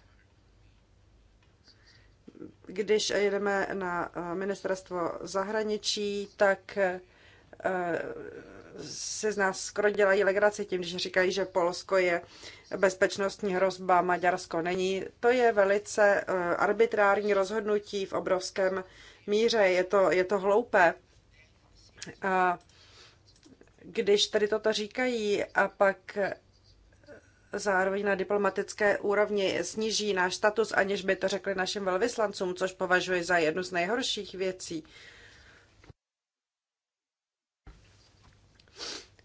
když jedeme na eh, ministerstvo zahraničí, tak eh, se z nás skoro dělají legraci tím, když říkají, že Polsko je bezpečnostní hrozba, Maďarsko není. To je velice eh, arbitrární rozhodnutí v obrovském míře, je to, je to hloupé. A když tedy toto říkají a pak zároveň na diplomatické úrovni sníží náš status, aniž by to řekli našim velvyslancům, což považuji za jednu z nejhorších věcí,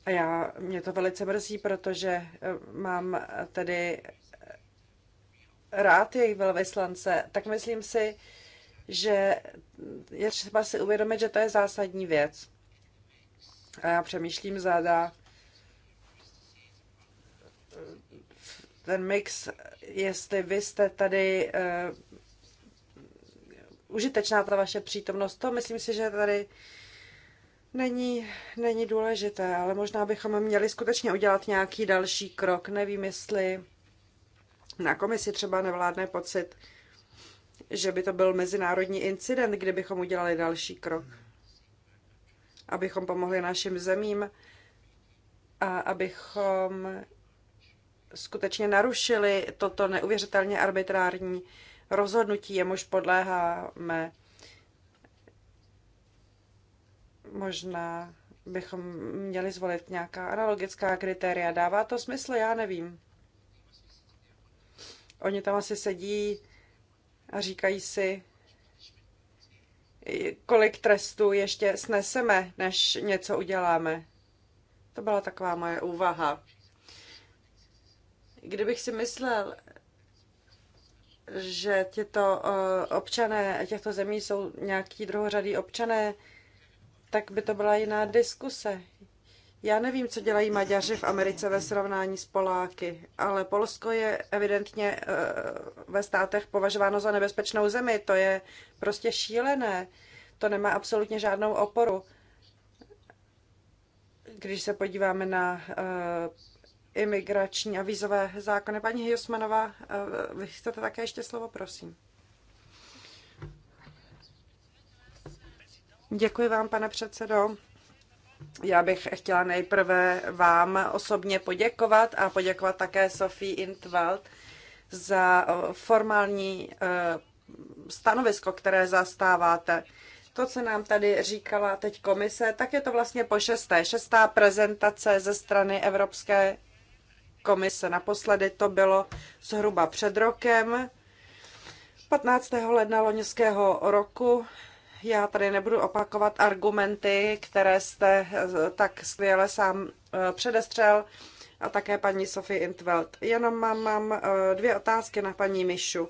A já, mě to velice mrzí, protože eh, mám eh, tedy eh, rád jejich velvyslance, tak myslím si, že je třeba si uvědomit, že to je zásadní věc. A já přemýšlím záda. Ten mix, jestli vy jste tady uh, užitečná ta vaše přítomnost, to myslím si, že tady uh, není, není důležité, ale možná bychom měli skutečně udělat nějaký další krok. Nevím, jestli na komisi třeba nevládne pocit, že by to byl mezinárodní incident, kdybychom udělali další krok, abychom pomohli našim zemím a abychom skutečně narušili toto neuvěřitelně arbitrární rozhodnutí, jemuž podléháme. Možná bychom měli zvolit nějaká analogická kritéria. Dává to smysl? Já nevím. Oni tam asi sedí a říkají si, kolik trestů ještě sneseme, než něco uděláme. To byla taková moje úvaha. Kdybych si myslel, že těto eh, občané těchto zemí jsou nějaký druhořadý občané, tak by to byla jiná diskuse. Já nevím, co dělají Maďaři v Americe ve srovnání s Poláky, ale Polsko je evidentně eh, ve státech považováno za nebezpečnou zemi. To je prostě šílené. To nemá absolutně žádnou oporu. Když se podíváme na eh, imigrační a vízové zákony. Paní Hiosmanová, eh, vy chcete také ještě slovo, prosím. Děkuji vám, pane předsedo. Já bych chtěla nejprve vám osobně poděkovat a poděkovat také Sofii Intwald za eh, formální eh, stanovisko, které zastáváte. To, co nám tady říkala teď komise, tak je to vlastně po šesté. Šestá prezentace ze strany Evropské komise. Naposledy to bylo zhruba před rokem, 15. ledna loňského roku já tady nebudu opakovat argumenty, které jste eh, tak skvěle sám eh, předestřel a také paní Sofie Intveld. Jenom mám, mám eh, dvě otázky na paní Mišu.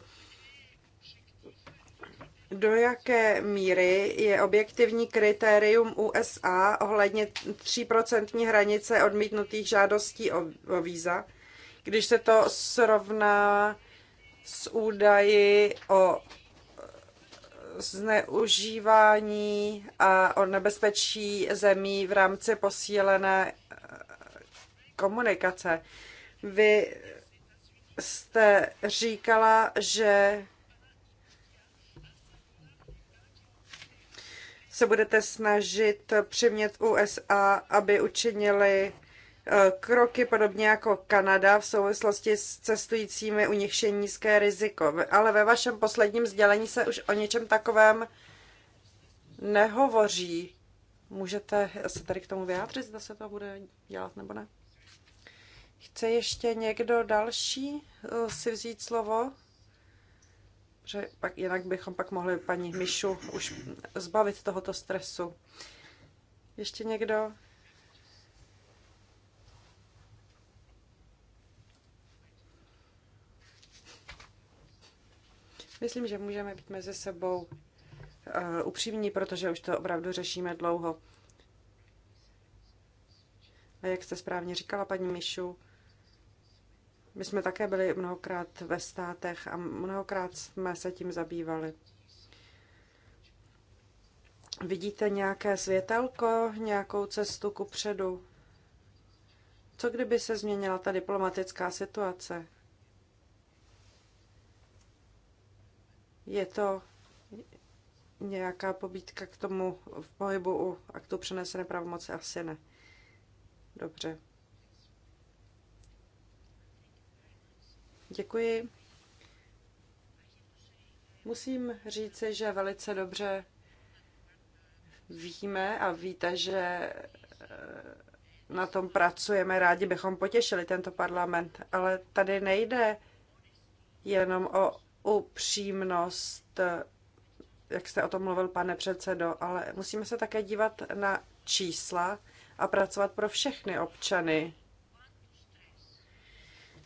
Do jaké míry je objektivní kritérium USA ohledně 3% hranice odmítnutých žádostí o, o víza, když se to srovná s údaji o zneužívání a o nebezpečí zemí v rámci posílené eh, komunikace. Vy jste říkala, že se budete snažit přimět USA, aby učinili Eh, kroky podobně jako Kanada v souvislosti s cestujícími, u nichž je nízké riziko. Ale ve vašem posledním sdělení se už o něčem takovém nehovoří. Můžete se tady k tomu vyjádřit, zda se to bude dělat nebo ne? Chce ještě někdo další eh, si vzít slovo? Že pak, jinak bychom pak mohli paní Mišu už zbavit tohoto stresu. Ještě někdo? Myslím, že můžeme být mezi sebou eh, upřímní, protože už to opravdu řešíme dlouho. A jak jste správně říkala, paní Mišu, my jsme také byli mnohokrát ve státech a mnohokrát jsme se tím zabývali. Vidíte nějaké světelko, nějakou cestu ku předu? Co kdyby se změnila ta diplomatická situace? Je to nějaká pobídka k tomu v pohybu u aktu přenesené pravomoci? Asi ne. Dobře. Děkuji. Musím říci, že velice dobře víme a víte, že eh, na tom pracujeme, rádi bychom potěšili tento parlament, ale tady nejde jenom o upřímnost, jak jste o tom mluvil, pane předsedo, ale musíme se také dívat na čísla a pracovat pro všechny občany.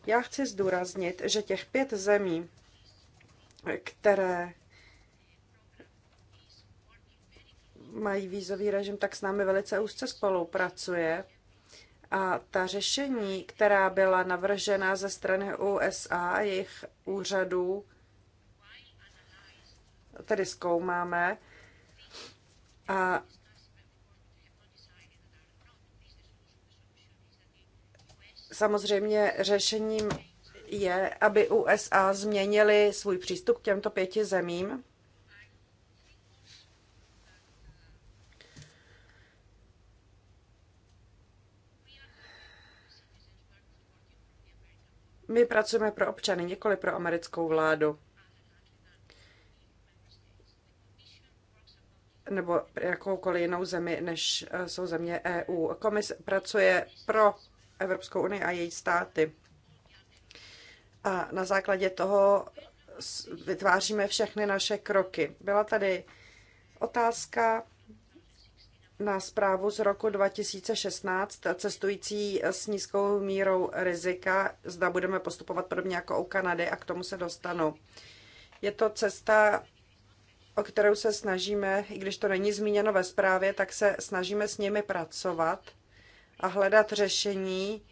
Já chci zdůraznit, že těch pět zemí, které mají vízový režim, tak s námi velice úzce spolupracuje. A ta řešení, která byla navržena ze strany USA a jejich úřadů, tedy zkoumáme. A samozřejmě řešením je, aby USA změnili svůj přístup k těmto pěti zemím. My pracujeme pro občany, nikoli pro americkou vládu. nebo jakoukoliv jinou zemi, než eh, jsou země EU. Komis pracuje pro Evropskou unii a její státy. A na základě toho vytváříme všechny naše kroky. Byla tady otázka na zprávu z roku 2016 cestující s nízkou mírou rizika. Zda budeme postupovat podobně jako u Kanady a k tomu se dostanu. Je to cesta o kterou se snažíme, i když to není zmíněno ve zprávě, tak se snažíme s nimi pracovat a hledat řešení,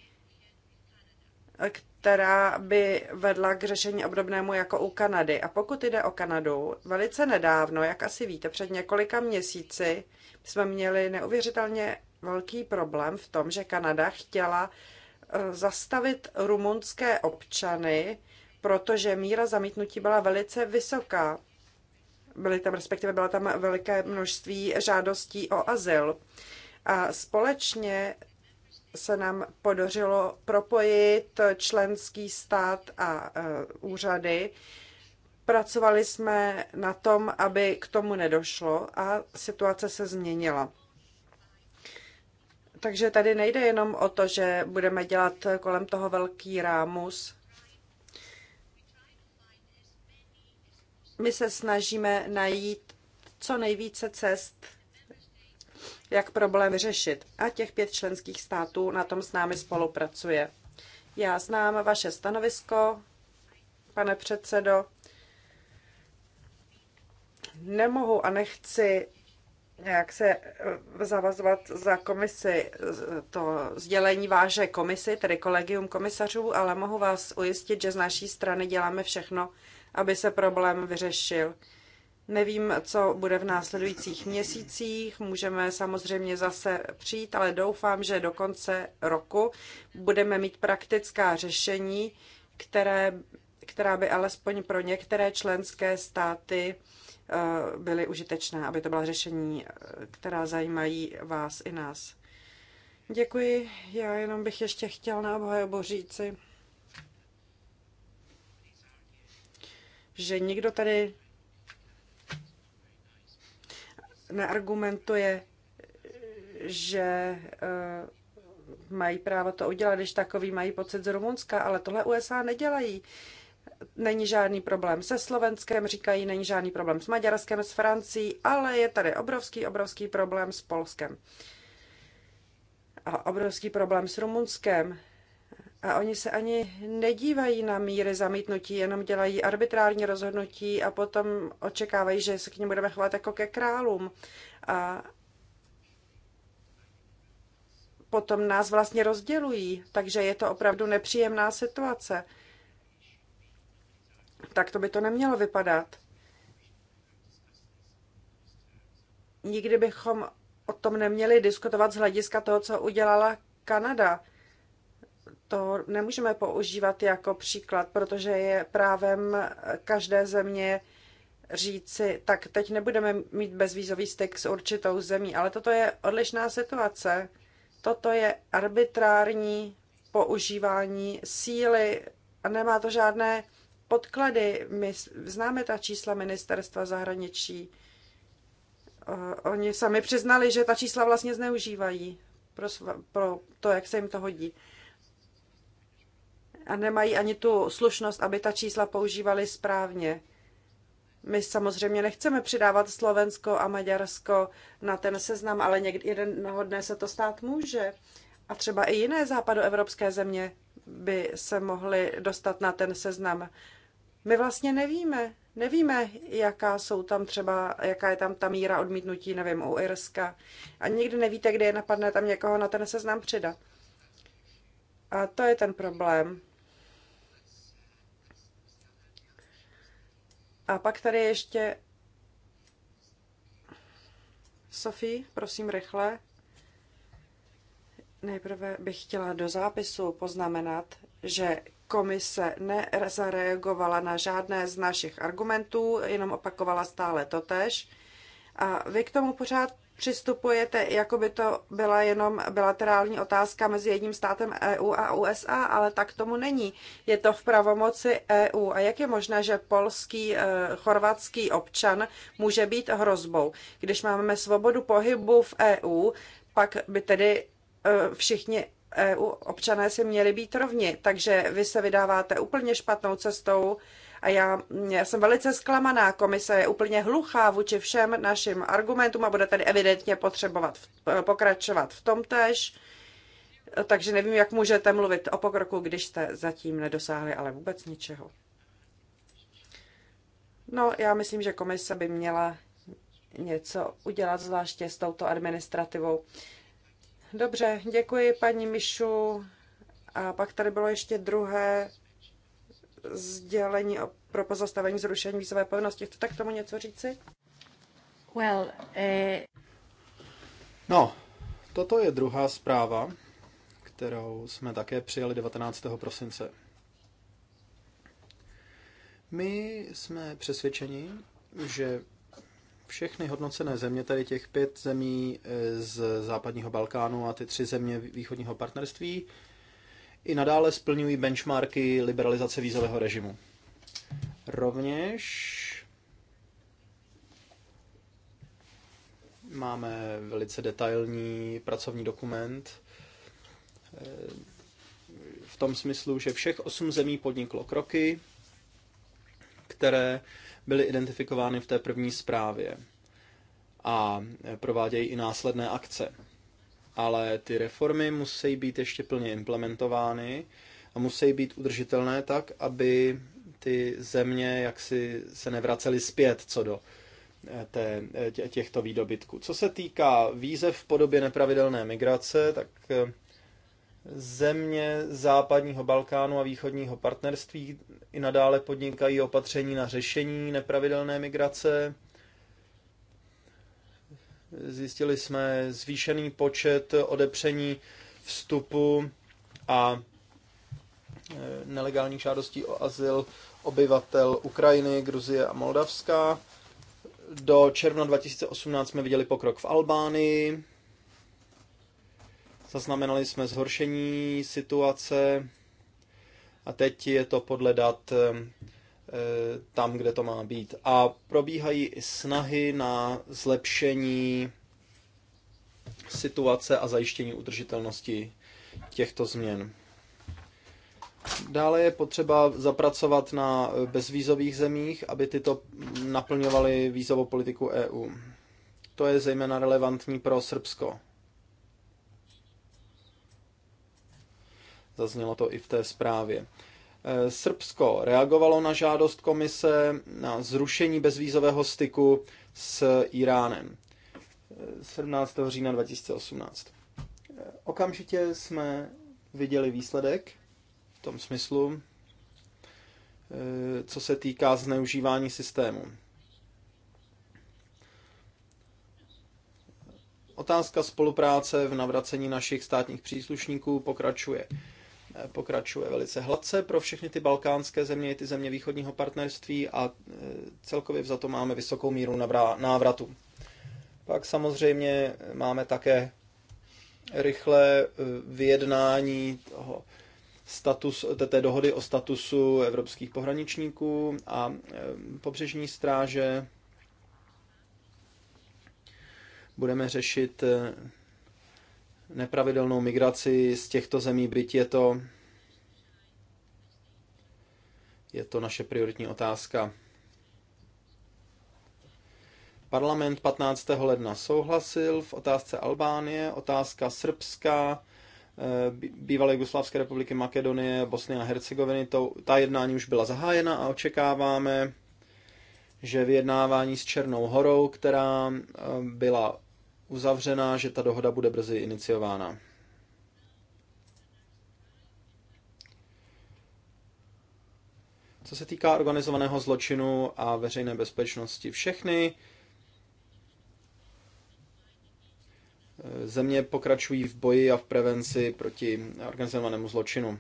která by vedla k řešení obdobnému jako u Kanady. A pokud jde o Kanadu, velice nedávno, jak asi víte, před několika měsíci jsme měli neuvěřitelně velký problém v tom, že Kanada chtěla eh, zastavit rumunské občany, protože míra zamítnutí byla velice vysoká byly tam, respektive byla tam veliké množství žádostí o azyl. A společně se nám podařilo propojit členský stát a e, úřady. Pracovali jsme na tom, aby k tomu nedošlo a situace se změnila. Takže tady nejde jenom o to, že budeme dělat kolem toho velký rámus, My se snažíme najít co nejvíce cest, jak problém vyřešit. A těch pět členských států na tom s námi spolupracuje. Já znám vaše stanovisko, pane předsedo. Nemohu a nechci jak se eh, zavazovat za komisi, to sdělení váže komisi, tedy kolegium komisařů, ale mohu vás ujistit, že z naší strany děláme všechno, aby se problém vyřešil. Nevím, co bude v následujících měsících. Můžeme samozřejmě zase přijít, ale doufám, že do konce roku budeme mít praktická řešení, které, která by alespoň pro některé členské státy eh, byly užitečné, aby to byla řešení, eh, která zajímají vás i nás. Děkuji. Já jenom bych ještě chtěl na obhajobu říci, že nikdo tady neargumentuje, že eh, mají právo to udělat, když takový mají pocit z Rumunska, ale tohle USA nedělají. Není žádný problém se Slovenskem, říkají, není žádný problém s Maďarskem, s Francií, ale je tady obrovský, obrovský problém s Polskem. A obrovský problém s Rumunskem. A oni se ani nedívají na míry zamítnutí, jenom dělají arbitrární rozhodnutí a potom očekávají, že se k ním budeme chovat jako ke králům. A potom nás vlastně rozdělují, takže je to opravdu nepříjemná situace. Tak to by to nemělo vypadat. Nikdy bychom o tom neměli diskutovat z hlediska toho, co udělala Kanada to nemůžeme používat jako příklad, protože je právem každé země říci, tak teď nebudeme mít bezvízový styk s určitou zemí, ale toto je odlišná situace. Toto je arbitrární používání síly a nemá to žádné podklady. My známe ta čísla ministerstva zahraničí. Eh, oni sami přiznali, že ta čísla vlastně zneužívají pro, pro to, jak se jim to hodí a nemají ani tu slušnost, aby ta čísla používali správně. My samozřejmě nechceme přidávat Slovensko a Maďarsko na ten seznam, ale někdy jednoho dne se to stát může. A třeba i jiné západoevropské země by se mohly dostat na ten seznam. My vlastně nevíme. Nevíme, jaká jsou tam třeba, jaká je tam ta míra odmítnutí, nevím, u Irska. A nikdy nevíte, kde je napadne tam někoho na ten seznam přidat. A to je ten problém. A pak tady ještě Sofie, prosím rychle. Nejprve bych chtěla do zápisu poznamenat, že komise nezareagovala na žádné z našich argumentů, jenom opakovala stále totež. A vy k tomu pořád přistupujete, jako by to byla jenom bilaterální otázka mezi jedním státem EU a USA, ale tak tomu není. Je to v pravomoci EU. A jak je možné, že polský, e, chorvatský občan může být hrozbou? Když máme svobodu pohybu v EU, pak by tedy e, všichni EU občané si měli být rovni. Takže vy se vydáváte úplně špatnou cestou, a já, já jsem velice zklamaná. Komise je úplně hluchá vůči všem našim argumentům a bude tady evidentně potřebovat eh, pokračovat v tom tež. Takže nevím, jak můžete mluvit o pokroku, když jste zatím nedosáhli ale vůbec ničeho. No, já myslím, že komise by měla něco udělat, zvláště s touto administrativou. Dobře, děkuji paní Mišu. A pak tady bylo ještě druhé sdělení o, pro pozastavení zrušení vízové povinnosti. Chcete k tomu něco říci? Well, eh... No, toto je druhá zpráva, kterou jsme také přijali 19. prosince. My jsme přesvědčeni, že všechny hodnocené země, tady těch pět zemí eh, z západního Balkánu a ty tři země východního partnerství, i nadále splňují benchmarky liberalizace vízového režimu. Rovněž máme velice detailní pracovní dokument eh, v tom smyslu, že všech osm zemí podniklo kroky, které byly identifikovány v té první zprávě a provádějí i následné akce ale ty reformy musí být ještě plně implementovány a musí být udržitelné tak, aby ty země jaksi se nevracely zpět co do eh, té, těchto výdobytků. Co se týká výzev v podobě nepravidelné migrace, tak eh, země západního Balkánu a východního partnerství i nadále podnikají opatření na řešení nepravidelné migrace. Zjistili jsme zvýšený počet odepření vstupu a e, nelegálních žádostí o azyl obyvatel Ukrajiny, Gruzie a Moldavska. Do června 2018 jsme viděli pokrok v Albánii. Zaznamenali jsme zhoršení situace a teď je to podle dat e, Eh, tam, kde to má být. A probíhají i snahy na zlepšení situace a zajištění udržitelnosti těchto změn. Dále je potřeba zapracovat na bezvízových zemích, aby tyto naplňovaly vízovou politiku EU. To je zejména relevantní pro Srbsko. Zaznělo to i v té zprávě. Eh, Srbsko reagovalo na žádost komise na zrušení bezvízového styku s Iránem 17. Eh, října 2018. Eh, okamžitě jsme viděli výsledek v tom smyslu, co se týká zneužívání systému. Otázka spolupráce v navracení našich státních příslušníků pokračuje pokračuje velice hladce pro všechny ty balkánské země, ty země východního partnerství a e, celkově za to máme vysokou míru návratu. Pak samozřejmě máme také rychlé e, vyjednání toho status, té dohody o statusu evropských pohraničníků a e, pobřežní stráže. Budeme řešit nepravidelnou migraci z těchto zemí, byť je to, je to naše prioritní otázka. Parlament 15. ledna souhlasil v otázce Albánie, otázka Srbska, eh, bývalé Jugoslávské republiky Makedonie, Bosny a Hercegoviny. To, ta jednání už byla zahájena a očekáváme, že vyjednávání s Černou horou, která eh, byla uzavřená, že ta dohoda bude brzy iniciována. Co se týká organizovaného zločinu a veřejné bezpečnosti, všechny eh, země pokračují v boji a v prevenci proti organizovanému zločinu.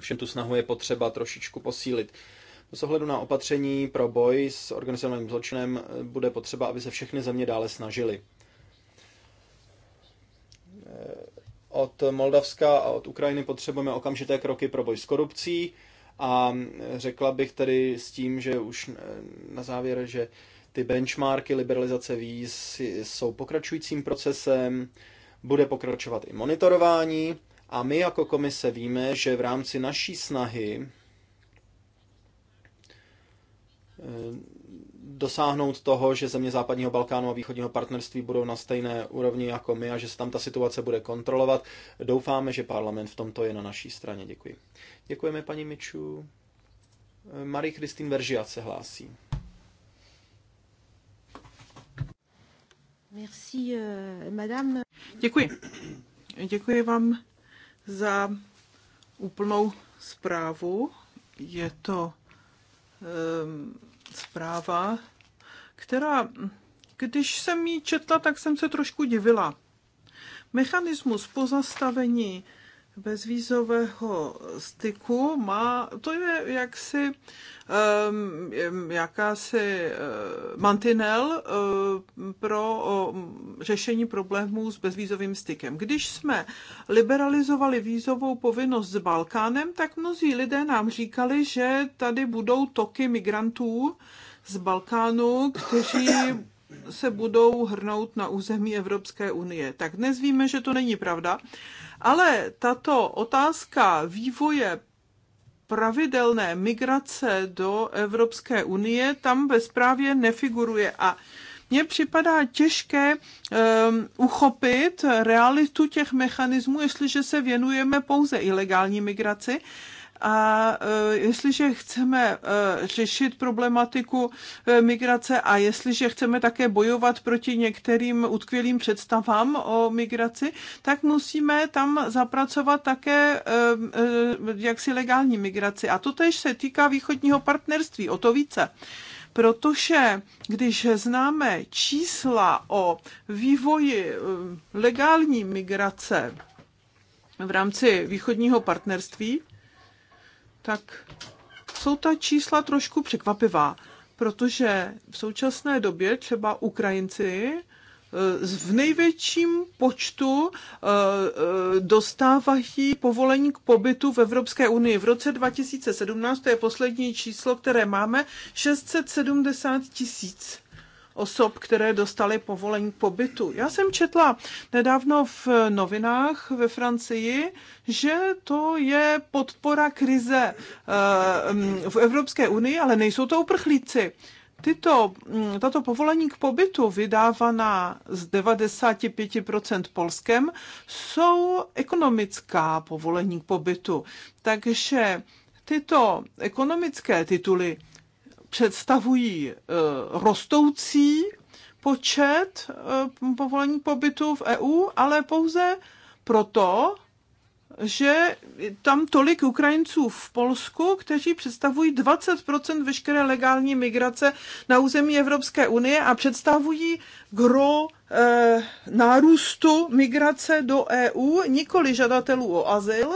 Všem tu snahu je potřeba trošičku posílit. Z ohledu na opatření pro boj s organizovaným zločinem eh, bude potřeba, aby se všechny země dále snažily. Eh, od Moldavska a od Ukrajiny potřebujeme okamžité kroky pro boj s korupcí a eh, řekla bych tedy s tím, že už na závěr, že ty benchmarky liberalizace víz jsou pokračujícím procesem, bude pokračovat i monitorování a my jako komise víme, že v rámci naší snahy Eh, dosáhnout toho, že země západního Balkánu a východního partnerství budou na stejné úrovni jako my a že se tam ta situace bude kontrolovat. Doufáme, že parlament v tomto je na naší straně. Děkuji. Děkujeme paní Miču. Eh, Marie Kristín Veržiat se hlásí. Merci, eh, madame. Děkuji. Děkuji vám za úplnou zprávu. Je to Ehm, zpráva, která, když jsem ji četla, tak jsem se trošku divila. Mechanismus pozastavení bezvízového styku má, to je jaksi um, jakási uh, mantinel uh, pro uh, řešení problémů s bezvízovým stykem. Když jsme liberalizovali vízovou povinnost s Balkánem, tak mnozí lidé nám říkali, že tady budou toky migrantů z Balkánu, kteří se budou hrnout na území Evropské unie. Tak dnes víme, že to není pravda ale tato otázka vývoje pravidelné migrace do Evropské unie tam ve zprávě nefiguruje. A mně připadá těžké um, uchopit realitu těch mechanismů, jestliže se věnujeme pouze ilegální migraci a e, jestliže chceme e, řešit problematiku e, migrace a jestliže chceme také bojovat proti některým utkvělým představám o migraci, tak musíme tam zapracovat také jaksi legální migraci. A to tež se týká východního partnerství, o to více protože když známe čísla o vývoji legální migrace v rámci východního partnerství, tak jsou ta čísla trošku překvapivá, protože v současné době třeba Ukrajinci eh, v největším počtu eh, eh, dostávají povolení k pobytu v Evropské unii. V roce 2017, to je poslední číslo, které máme, 670 tisíc osob, které dostaly povolení k pobytu. Já jsem četla nedávno v novinách ve Francii, že to je podpora krize eh, mm, v Evropské unii, ale nejsou to uprchlíci. Tyto, mm, tato povolení k pobytu, vydávaná z 95% Polskem, jsou ekonomická povolení k pobytu. Takže tyto ekonomické tituly představují eh, rostoucí počet eh, povolení pobytu v EU, ale pouze proto, že tam tolik Ukrajinců v Polsku, kteří představují 20% veškeré legální migrace na území Evropské unie a představují gro e, nárůstu migrace do EU, nikoli žadatelů o azyl,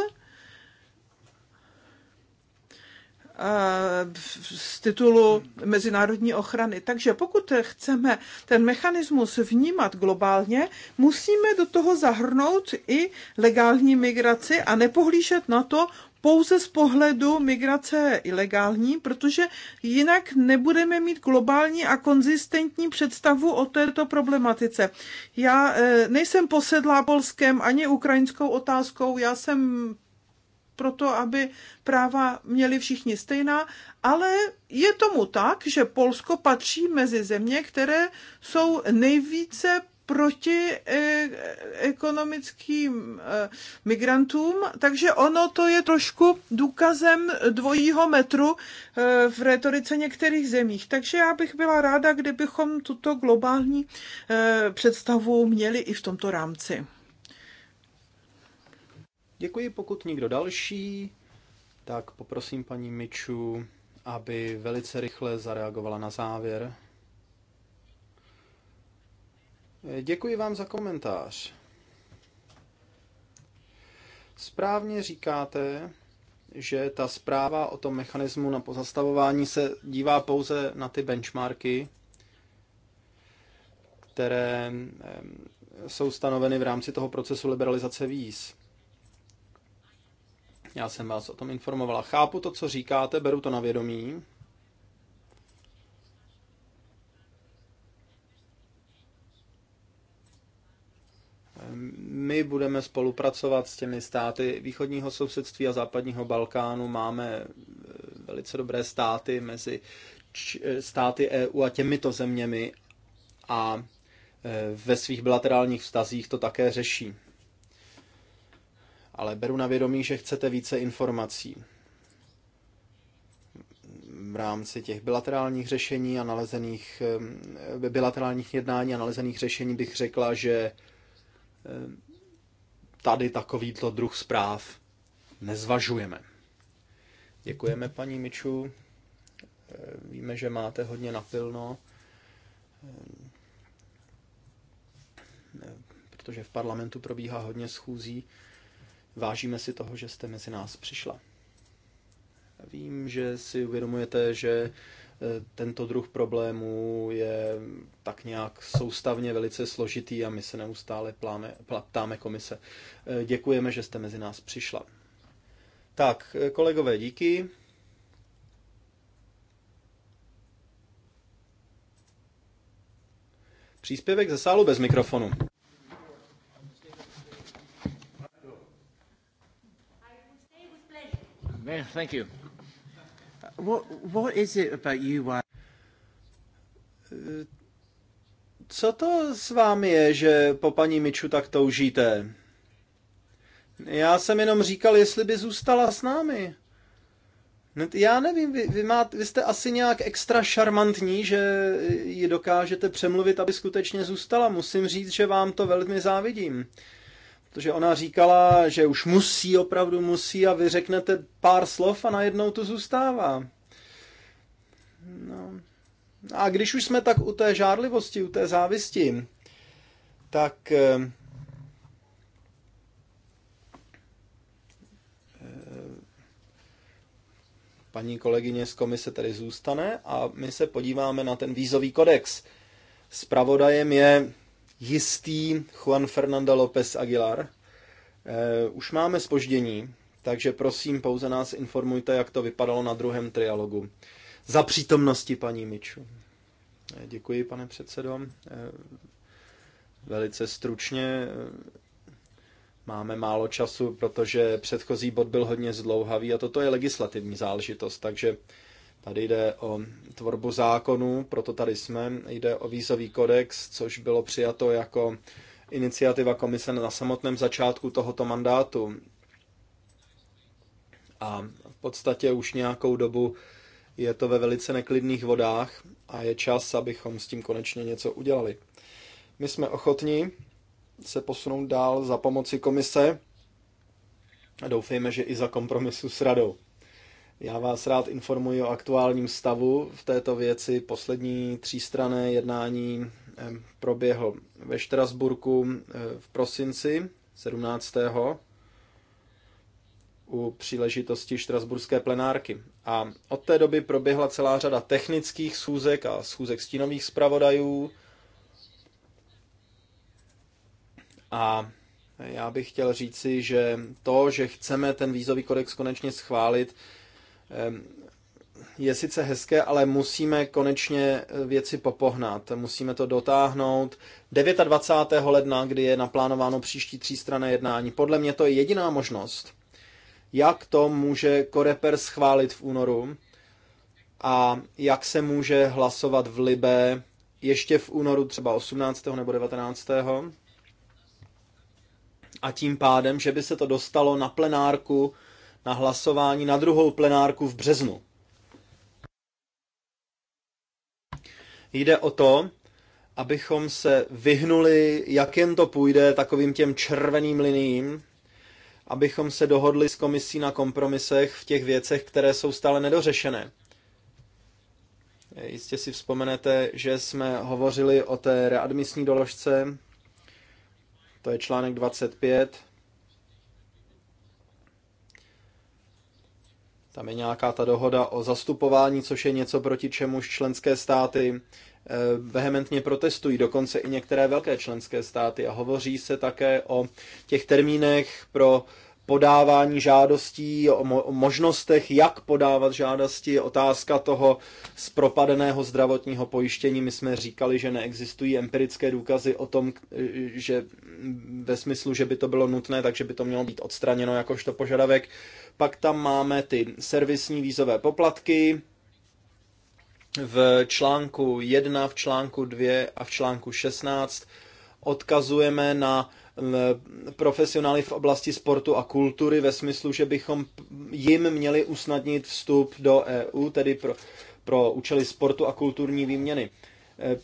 z titulu mezinárodní ochrany. Takže pokud chceme ten mechanismus vnímat globálně, musíme do toho zahrnout i legální migraci a nepohlížet na to pouze z pohledu migrace ilegální, protože jinak nebudeme mít globální a konzistentní představu o této problematice. Já e, nejsem posedlá polském ani ukrajinskou otázkou, já jsem pro to, aby práva měli všichni stejná, ale je tomu tak, že Polsko patří mezi země, které jsou nejvíce proti eh, ekonomickým eh, migrantům, takže ono to je trošku důkazem dvojího metru eh, v retorice některých zemích. Takže já bych byla ráda, kdybychom tuto globální představu měli i v tomto rámci. Děkuji, pokud někdo další, tak poprosím paní Miču, aby velice rychle zareagovala na závěr. Děkuji vám za komentář. Správně říkáte, že ta zpráva o tom mechanismu na pozastavování se dívá pouze na ty benchmarky, které jsou stanoveny v rámci toho procesu liberalizace víz. Já jsem vás o tom informovala. Chápu to, co říkáte, beru to na vědomí. My budeme spolupracovat s těmi státy východního sousedství a západního Balkánu. Máme eh, velice dobré státy mezi eh, státy EU a těmito zeměmi a eh, ve svých bilaterálních vztazích to také řeší ale beru na vědomí, že chcete více informací v rámci těch bilaterálních řešení a nalezených, eh, bilaterálních jednání a nalezených řešení bych řekla, že eh, tady takovýto druh zpráv nezvažujeme. Děkujeme, paní Miču. Eh, víme, že máte hodně napilno, protože v parlamentu probíhá hodně schůzí. Vážíme si toho, že jste mezi nás přišla. Vím, že si uvědomujete, že e, tento druh problémů je tak nějak soustavně velice složitý a my se neustále pláme, ptáme komise. E, děkujeme, že jste mezi nás přišla. Tak, e, kolegové, díky. Příspěvek ze sálu bez mikrofonu. thank you. Uh, what, what is it about you why... Uh, uh, co to s vámi je, že po paní Miču tak toužíte? Já jsem jenom říkal, jestli by zůstala s námi. Já nevím, vy, vy, máte, vy jste asi nějak extra šarmantní, že ji dokážete přemluvit, aby skutečně zůstala. Musím říct, že vám to velmi závidím. Protože ona říkala, že už musí, opravdu musí a vy řeknete pár slov a najednou to zůstává. No. A když už jsme tak u té žárlivosti, u té závisti, tak eh, eh, paní kolegyně z komise tady zůstane a my se podíváme na ten vízový kodex. Spravodajem je jistý Juan Fernando López Aguilar. Eh, už máme spoždění, takže prosím, pouze nás informujte, jak to vypadalo na druhém trialogu. Za přítomnosti paní Miču. Eh, děkuji, pane předsedo. Eh, velice stručně máme málo času, protože předchozí bod byl hodně zdlouhavý a toto je legislativní záležitost, takže Tady jde o tvorbu zákonů, proto tady jsme. Jde o vízový kodex, což bylo přijato jako iniciativa komise na samotném začátku tohoto mandátu. A v podstatě už nějakou dobu je to ve velice neklidných vodách a je čas, abychom s tím konečně něco udělali. My jsme ochotní se posunout dál za pomoci komise a doufejme, že i za kompromisu s radou. Já vás rád informuji o aktuálním stavu v této věci. Poslední třístrané jednání proběhlo ve Štrasburku v prosinci 17. u příležitosti štrasburské plenárky. A od té doby proběhla celá řada technických schůzek a schůzek stínových zpravodajů. A já bych chtěl říci, že to, že chceme ten výzový kodex konečně schválit, Ehm, je sice hezké, ale musíme konečně eh, věci popohnat. Musíme to dotáhnout. 29. ledna, kdy je naplánováno příští třístrané jednání. Podle mě to je jediná možnost, jak to může Koreper schválit v únoru a jak se může hlasovat v Libe ještě v únoru třeba 18. nebo 19. A tím pádem, že by se to dostalo na plenárku na hlasování na druhou plenárku v březnu. Jde o to, abychom se vyhnuli, jak jen to půjde, takovým těm červeným liním, abychom se dohodli s komisí na kompromisech v těch věcech, které jsou stále nedořešené. Jistě si vzpomenete, že jsme hovořili o té readmisní doložce, to je článek 25, Tam je nějaká ta dohoda o zastupování, což je něco, proti čemuž členské státy eh, vehementně protestují, dokonce i některé velké členské státy. A hovoří se také o těch termínech pro podávání žádostí, o možnostech, jak podávat žádosti, otázka toho zpropadeného zdravotního pojištění. My jsme říkali, že neexistují empirické důkazy o tom, že ve smyslu, že by to bylo nutné, takže by to mělo být odstraněno jakožto požadavek. Pak tam máme ty servisní vízové poplatky, v článku 1, v článku 2 a v článku 16 odkazujeme na profesionály v oblasti sportu a kultury ve smyslu, že bychom jim měli usnadnit vstup do EU, tedy pro, pro účely sportu a kulturní výměny. E,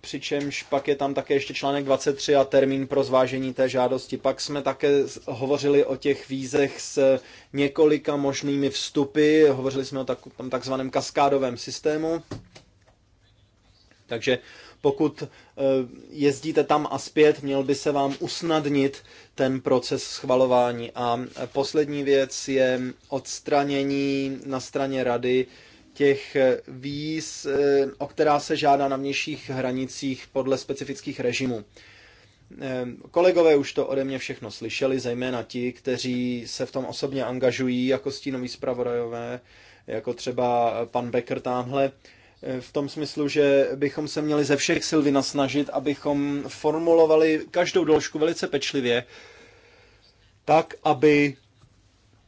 přičemž pak je tam také ještě článek 23 a termín pro zvážení té žádosti. Pak jsme také hovořili o těch vízech s několika možnými vstupy, hovořili jsme o tak, tom takzvaném kaskádovém systému. Takže pokud eh, jezdíte tam a zpět, měl by se vám usnadnit ten proces schvalování. A eh, poslední věc je odstranění na straně rady těch eh, víz, o která se žádá na vnějších hranicích podle specifických režimů. Kolegové už to ode mě všechno slyšeli, zejména ti, kteří se v tom osobně angažují jako stínoví zpravodajové, jako třeba pan Becker tamhle v tom smyslu, že bychom se měli ze všech sil vynasnažit, abychom formulovali každou doložku velice pečlivě, tak, aby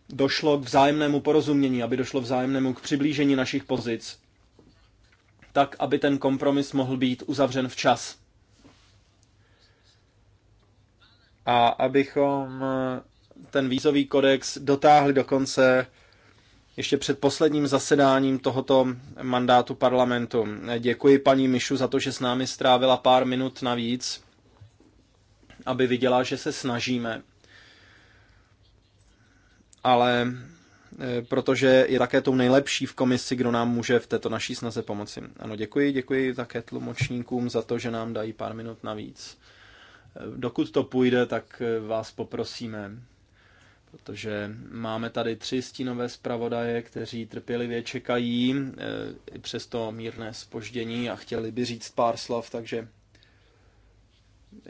došlo k vzájemnému porozumění, aby došlo vzájemnému k přiblížení našich pozic, tak, aby ten kompromis mohl být uzavřen včas. A abychom ten vízový kodex dotáhli do konce ještě před posledním zasedáním tohoto mandátu parlamentu. Děkuji paní Mišu za to, že s námi strávila pár minut navíc, aby viděla, že se snažíme. Ale e, protože je také tou nejlepší v komisi, kdo nám může v této naší snaze pomoci. Ano, děkuji, děkuji také tlumočníkům za to, že nám dají pár minut navíc. E, dokud to půjde, tak e, vás poprosíme protože máme tady tři stínové zpravodaje, kteří trpělivě čekají eh, i přesto mírné spoždění a chtěli by říct pár slov, takže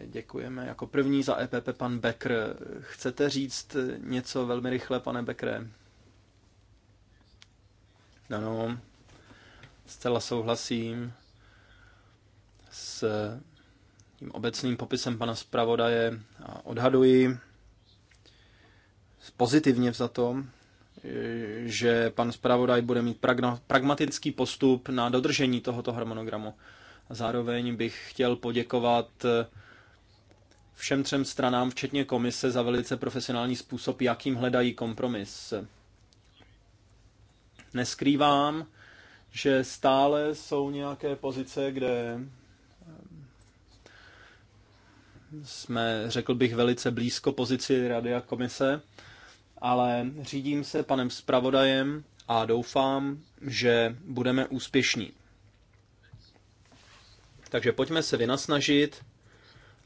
děkujeme. Jako první za EPP pan Becker. Chcete říct eh, něco velmi rychle, pane Beckere? Ano, no, zcela souhlasím s tím obecným popisem pana zpravodaje a odhaduji, pozitivně za to, že pan zpravodaj bude mít pragmatický postup na dodržení tohoto harmonogramu. A zároveň bych chtěl poděkovat eh, všem třem stranám, včetně komise, za velice profesionální způsob, jakým hledají kompromis. Neskrývám, že stále jsou nějaké pozice, kde eh, jsme, řekl bych, velice blízko pozici Rady a komise ale řídím se panem zpravodajem a doufám, že budeme úspěšní. Takže pojďme se vynasnažit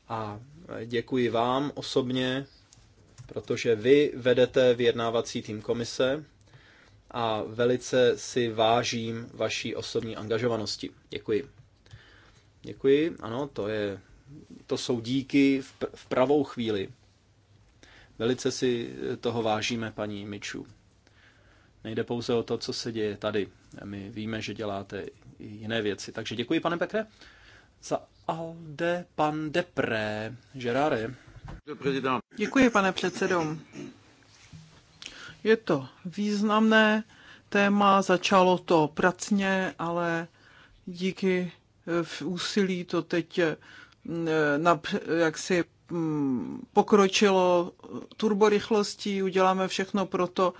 a děkuji vám osobně, protože vy vedete vyjednávací tým komise a velice si vážím vaší osobní angažovanosti. Děkuji. Děkuji, ano, to, je, to jsou díky v, v pravou chvíli. Velice si toho vážíme, paní Miču. Nejde pouze o to, co se děje tady. My víme, že děláte i jiné věci. Takže děkuji, pane Pekre. Za Alde pan Depré. Gerare. Děkuji, pane předsedo. Je to významné téma, začalo to pracně, ale díky v úsilí to teď mm, eh, jak si Mm, pokročilo turborychlostí, uděláme všechno pro to,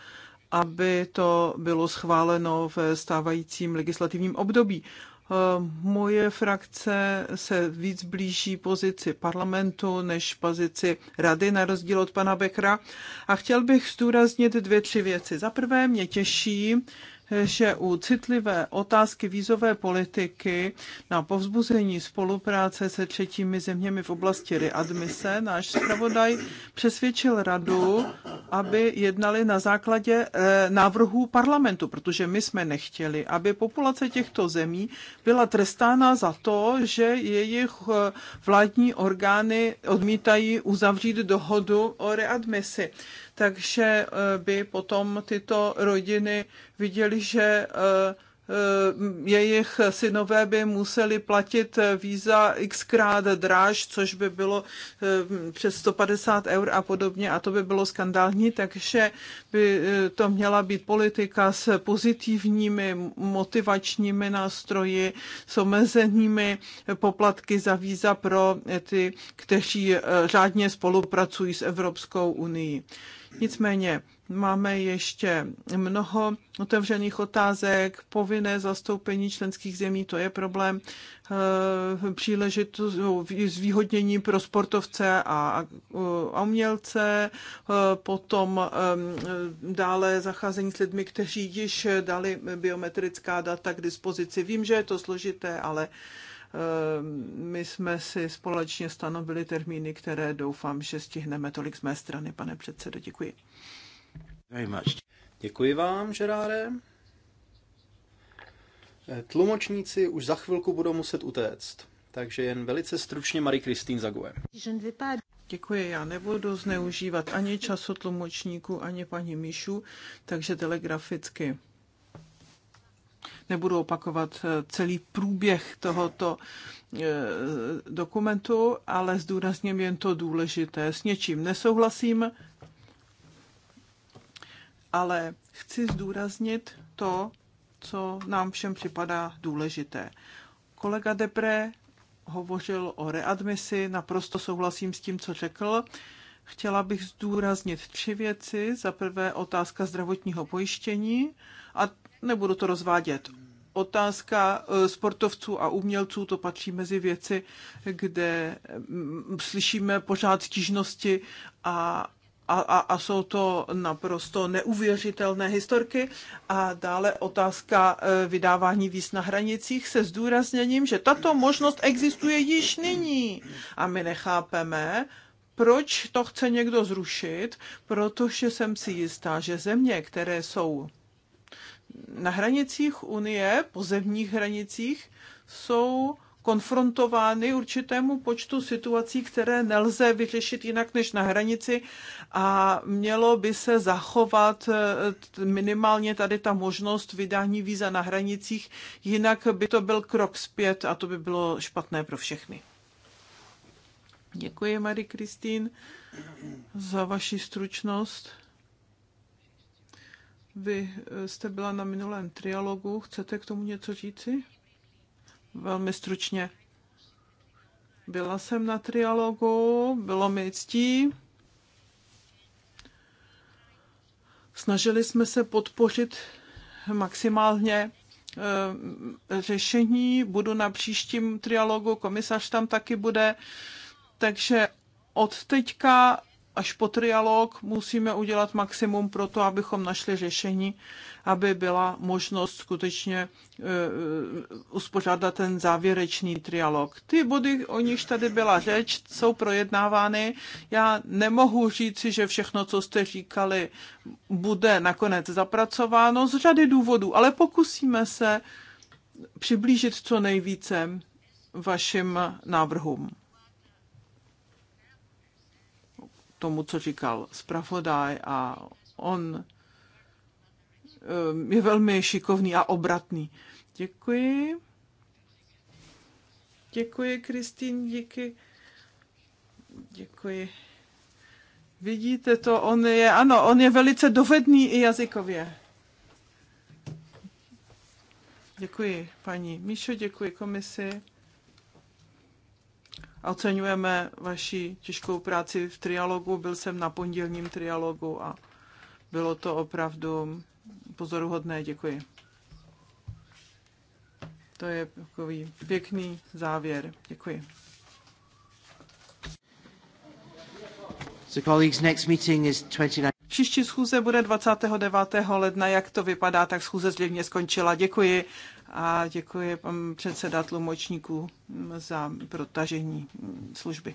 aby to bylo schváleno ve stávajícím legislativním období. Eh, moje frakce se víc blíží pozici parlamentu než pozici rady, na rozdíl od pana Bekra. A chtěl bych zdůraznit dvě, tři věci. Za prvé mě těší, že u citlivé otázky vízové politiky na povzbuzení spolupráce se třetími zeměmi v oblasti readmise náš zpravodaj přesvědčil radu, aby jednali na základě eh, návrhů parlamentu, protože my jsme nechtěli, aby populace těchto zemí byla trestána za to, že jejich eh, vládní orgány odmítají uzavřít dohodu o readmisi takže eh, by potom tyto rodiny viděly, že eh, eh, jejich synové by museli platit víza xkrát dráž, což by bylo přes 150 eur a podobně a to by bylo skandální, takže by to měla být politika s pozitivními motivačními nástroji, s omezenými poplatky za víza pro ty, kteří řádně spolupracují s Evropskou unii. Nicméně máme ještě mnoho otevřených otázek, povinné zastoupení členských zemí, to je problém, eh, příležitost, no, zvýhodnění pro sportovce a, a umělce, eh, potom eh, dále zacházení s lidmi, kteří již dali biometrická data k dispozici. Vím, že je to složité, ale my jsme si společně stanovili termíny, které doufám, že stihneme. Tolik z mé strany, pane předsedo, děkuji. Děkuji vám, Žeráre. Eh, tlumočníci už za chvilku budou muset utéct, takže jen velice stručně Marie Kristýn Zague. Děkuji, já nebudu zneužívat ani času tlumočníků, ani paní Mišu, takže telegraficky nebudu opakovat eh, celý průběh tohoto eh, dokumentu, ale zdůrazním jen to důležité. S něčím nesouhlasím, ale chci zdůraznit to, co nám všem připadá důležité. Kolega Depré hovořil o readmisi, naprosto souhlasím s tím, co řekl. Chtěla bych zdůraznit tři věci. Za prvé otázka zdravotního pojištění a nebudu to rozvádět. Otázka eh, sportovců a umělců, to patří mezi věci, kde mm, slyšíme pořád stížnosti a, a, a, a jsou to naprosto neuvěřitelné historky. A dále otázka eh, vydávání víz na hranicích se zdůrazněním, že tato možnost existuje již nyní. A my nechápeme, proč to chce někdo zrušit, protože jsem si jistá, že země, které jsou na hranicích Unie, pozemních hranicích, jsou konfrontovány určitému počtu situací, které nelze vyřešit jinak než na hranici a mělo by se zachovat eh, minimálně tady ta možnost vydání víza na hranicích, jinak by to byl krok zpět a to by bylo špatné pro všechny. Děkuji, Marie Kristýn, za vaši stručnost. Vy eh, jste byla na minulém trialogu, chcete k tomu něco říci? Velmi stručně. Byla jsem na trialogu, bylo mi ctí. Snažili jsme se podpořit maximálně eh, řešení. Budu na příštím trialogu, komisař tam taky bude. Takže od teďka až po trialog musíme udělat maximum pro to, abychom našli řešení, aby byla možnost skutečně e, e, uspořádat ten závěrečný trialog. Ty body, o nichž tady byla řeč, jsou projednávány. Já nemohu říci, že všechno, co jste říkali, bude nakonec zapracováno z řady důvodů, ale pokusíme se přiblížit co nejvíce vašim návrhům. tomu, co říkal zpravodaj a on um, je velmi šikovný a obratný. Děkuji. Děkuji, Kristýn, díky. Děkuji. Vidíte to, on je, ano, on je velice dovedný i jazykově. Děkuji, paní Míšo, děkuji komisi oceňujeme vaši těžkou práci v trialogu. Byl jsem na pondělním trialogu a bylo to opravdu pozoruhodné. Děkuji. To je takový pěkný závěr. Děkuji. Příští schůze bude 29. ledna. Jak to vypadá, tak schůze zřejmě skončila. Děkuji a děkuji pan předseda tlumočníků za protažení služby.